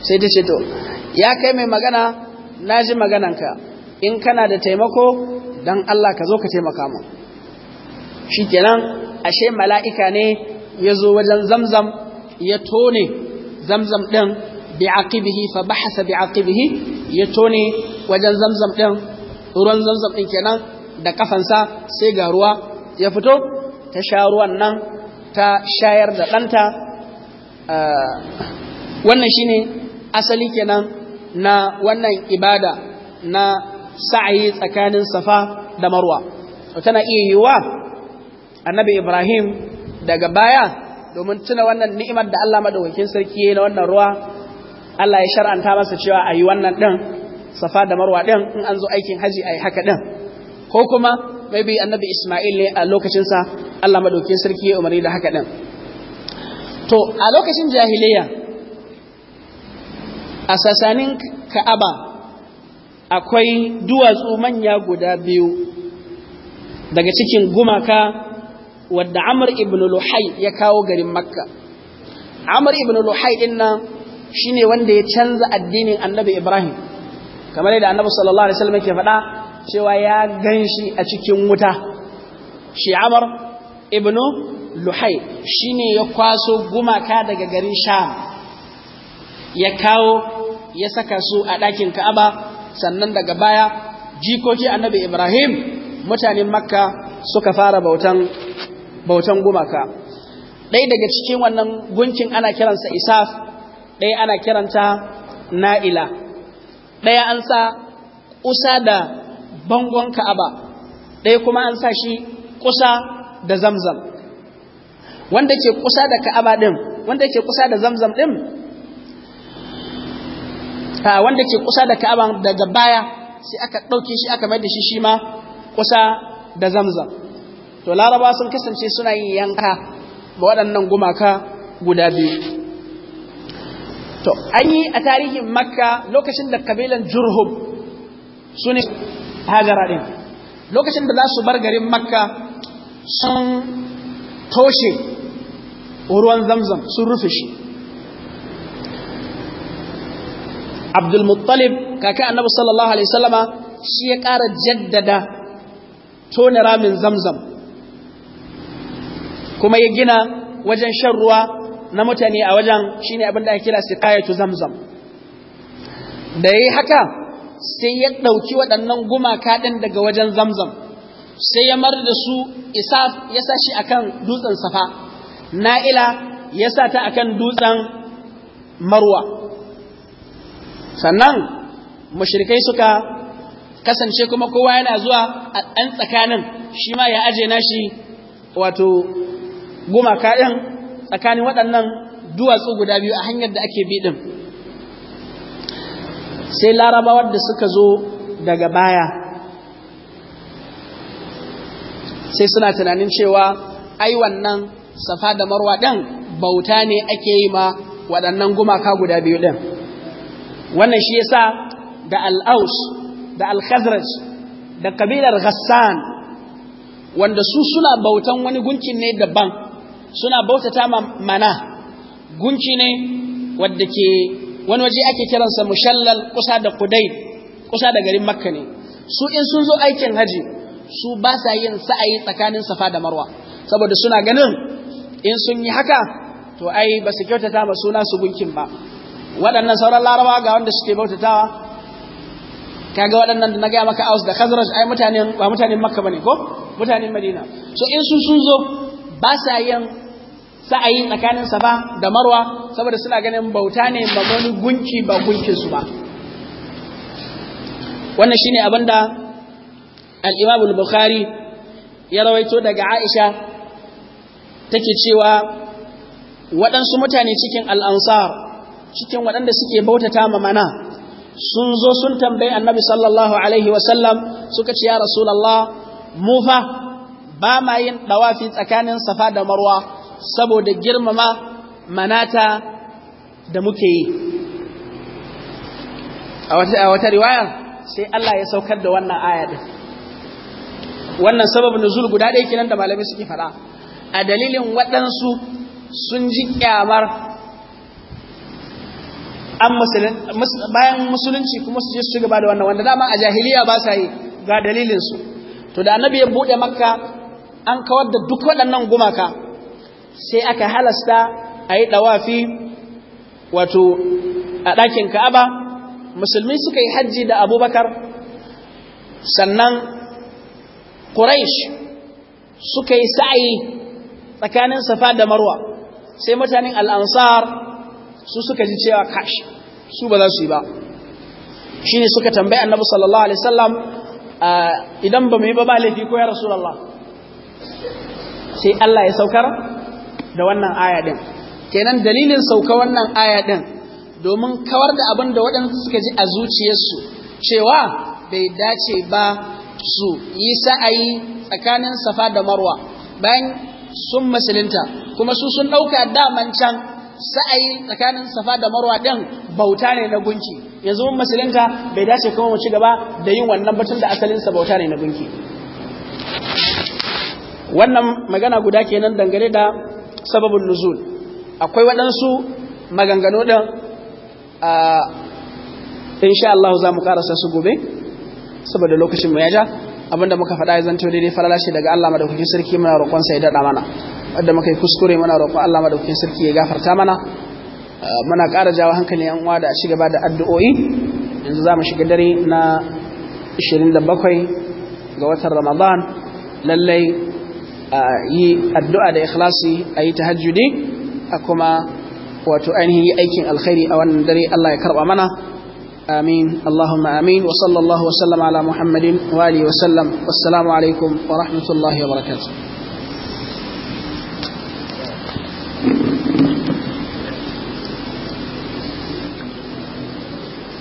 sai ta ce to ya kai mai magana na ji magananka in kana da taimako don Allah ka zo ka taimaka mu shi kenan ashe mala'ika ne ya zo wajen zamzam ya tone zamzam ɗin bi'aqibihi fa bahasa bi'aqibihi ya tone wajen zamzam ɗin ruwan zamzam ɗin kenan da kafansa sai ga ruwa ya fito ta sha ruwan nan ta shayar da ɗanta eh, wannan shine asali kenan na wannan ibada na sa'ayi tsakanin safa da marwa tana iya yiwa annabi ibrahim daga baya domin tuna wannan ni'imar da Allah madawakin sarki ya na wannan ruwa Allah ya shar'anta masa cewa a yi wannan ɗin safa da marwa ɗin in an zo aikin haji a yi haka ɗin ko kuma maybe annabi Ismail ne a lokacinsa Allah madaukin sarki ya umarni da haka ɗin to a lokacin jahiliya a sasanin ka'aba akwai duwatsu manya guda biyu daga cikin gumaka wadda Amr ibn Luhai ya kawo garin Makka Amr ibn Luhai din nan shine wanda ya canza addinin annabi Ibrahim kamar yadda annabi sallallahu alaihi wasallam ke faɗa cewa ya ganshi a cikin wuta shi Amr ibnu Luhai shi ne ya kwaso gumaka daga garin Sham ya kawo ya saka su a ɗakin Ka'aba sannan daga baya jikoki annabi Ibrahim mutanen Makka suka fara bautan bautan gumaka ɗaya daga cikin wannan gunkin ana kiransa Isaf ɗaya ana kiranta na'ila ɗaya an sa kusa da bangon ka'aba ɗaya kuma an sa shi kusa da zamzam wanda ke kusa da ka'aba ɗin wanda ke kusa da zamzam ɗin wanda ke kusa da ka'aba daga baya sai aka ɗauki shi aka mai da shi shi ma kusa da zamzam to laraba sun kasance suna yin yanka ba waɗannan gumaka guda biyu to an yi a tarihin makka lokacin da kabilan jurhub su ne hajara ɗin lokacin da za su bar garin makka sun toshe ruwan zamzam sun rufe shi abdulmuttalib kaka annabi sallallahu alaihi sallama shi ya ƙara jaddada tona ramin zamzam kuma ya gina wajen shan ruwa na mutane a wajen shine abin da ake kira siqayatu zamzam da yi haka sai ya ɗauki waɗannan gumaka din daga wajen zamzam sai ya mar da su isa ya sa shi akan dutsen safa na'ila ya sa ta akan dutsen marwa sannan mashirikai suka kasance kuma kowa yana zuwa a ɗan tsakanin shi ma ya aje nashi wato gumaka ɗin tsakanin waɗannan duwatsu guda biyu a hanyar da ake bi sai larabawa da suka zo daga baya sai suna tunanin cewa ai wannan safa da marwa ɗin bauta ne ake yi ma waɗannan gumaka guda biyu ɗin wannan shi yasa da al'aus da al-khazraj da kabilar Hassan, wanda su suna bautan wani gunkin ne daban suna bautata ma mana gunki ne wadda ke wani waje ake kiransa mushallal kusa da kudai kusa da garin makka ne su in sun zo aikin haji su ba sa yin sa'ayi tsakanin safa da marwa saboda suna ganin in sun yi haka to ai ba su kyautata ma suna su gunkin ba waɗannan sauran larawa ga wanda suke bautatawa kaga waɗannan da na gaya maka aus da khazraj ai mutanen ba mutanen makka bane ko mutanen madina so in sun sun zo ba sa yin sa'ayi tsakanin safa da marwa saboda suna ganin bauta ne ba wani gunki ba gunkinsu ba wannan shine abin da al bukhari ya rawaito daga aisha take cewa waɗansu mutane cikin al'ansar cikin waɗanda suke bautata ma mana sun zo sun tambayi annabi sallallahu alaihi wasallam suka ce ya rasulallah mu fa ba ma yin ɗawafi tsakanin safa da marwa saboda girmama manata da muke yi a wata riwaya sai Allah ya saukar da wannan aya din wannan sababin nuzul guda ɗaya nan da malamai suke fara. a dalilin waɗansu sun ji kyamar an bayan musulunci kuma su je su gaba da wannan wanda dama a jahiliya ba sa yi ga dalilinsu to da annabi ya buɗe makka an kawar da duk waɗannan gumaka sai aka halasta a yi ɗawafi wato a ɗakin ka'aba musulmi suka yi hajji da abubakar sannan quraish suka yi sa'ayi tsakanin safa da marwa sai mutanen al'ansar su suka ji cewa kashi su ba za su yi ba shi ne suka tambaye annabi sallallahu alaihi sallam idan ba mu yi ba ba laifi ko ya rasulallah sai Allah ya saukar da wannan aya din kenan dalilin sauka wannan aya din domin kawar da abin da waɗansu suka ji a zuciyarsu cewa bai dace ba su yi sa'ayi tsakanin safa da marwa bayan sun musulunta kuma su sun ɗauka daman can sa'ayi tsakanin safa da marwa ɗin bauta ne na gunki yanzu mun musulunta bai dace kuma mu ci gaba da yin wannan batun da asalinsa bauta ne na gunki wannan magana guda kenan dangane da sababin nuzul akwai waɗansu maganganu ɗin a insha Allah za mu ƙarasa su gobe saboda lokacin mu ya ja abinda muka faɗa ya zanto daidai falala shi daga Allah madaukakin sarki muna roƙon sa ya daɗa mana wanda muka yi kuskure muna roƙon Allah madaukakin sarki ya gafarta mana muna ƙara jawo hankali yan uwa da ci gaba da addu'o'i yanzu za mu shiga dare na 27 ga watan Ramadan lallai a yi addu'a da ikhlasi a yi tahajjudi a kuma wato ainihin yi aikin alkhairi a wannan dare Allah ya karba mana amin Allahumma amin wa sallallahu wa sallama ala Muhammadin wa alihi wa sallam wassalamu alaikum wa rahmatullahi wa barakatuh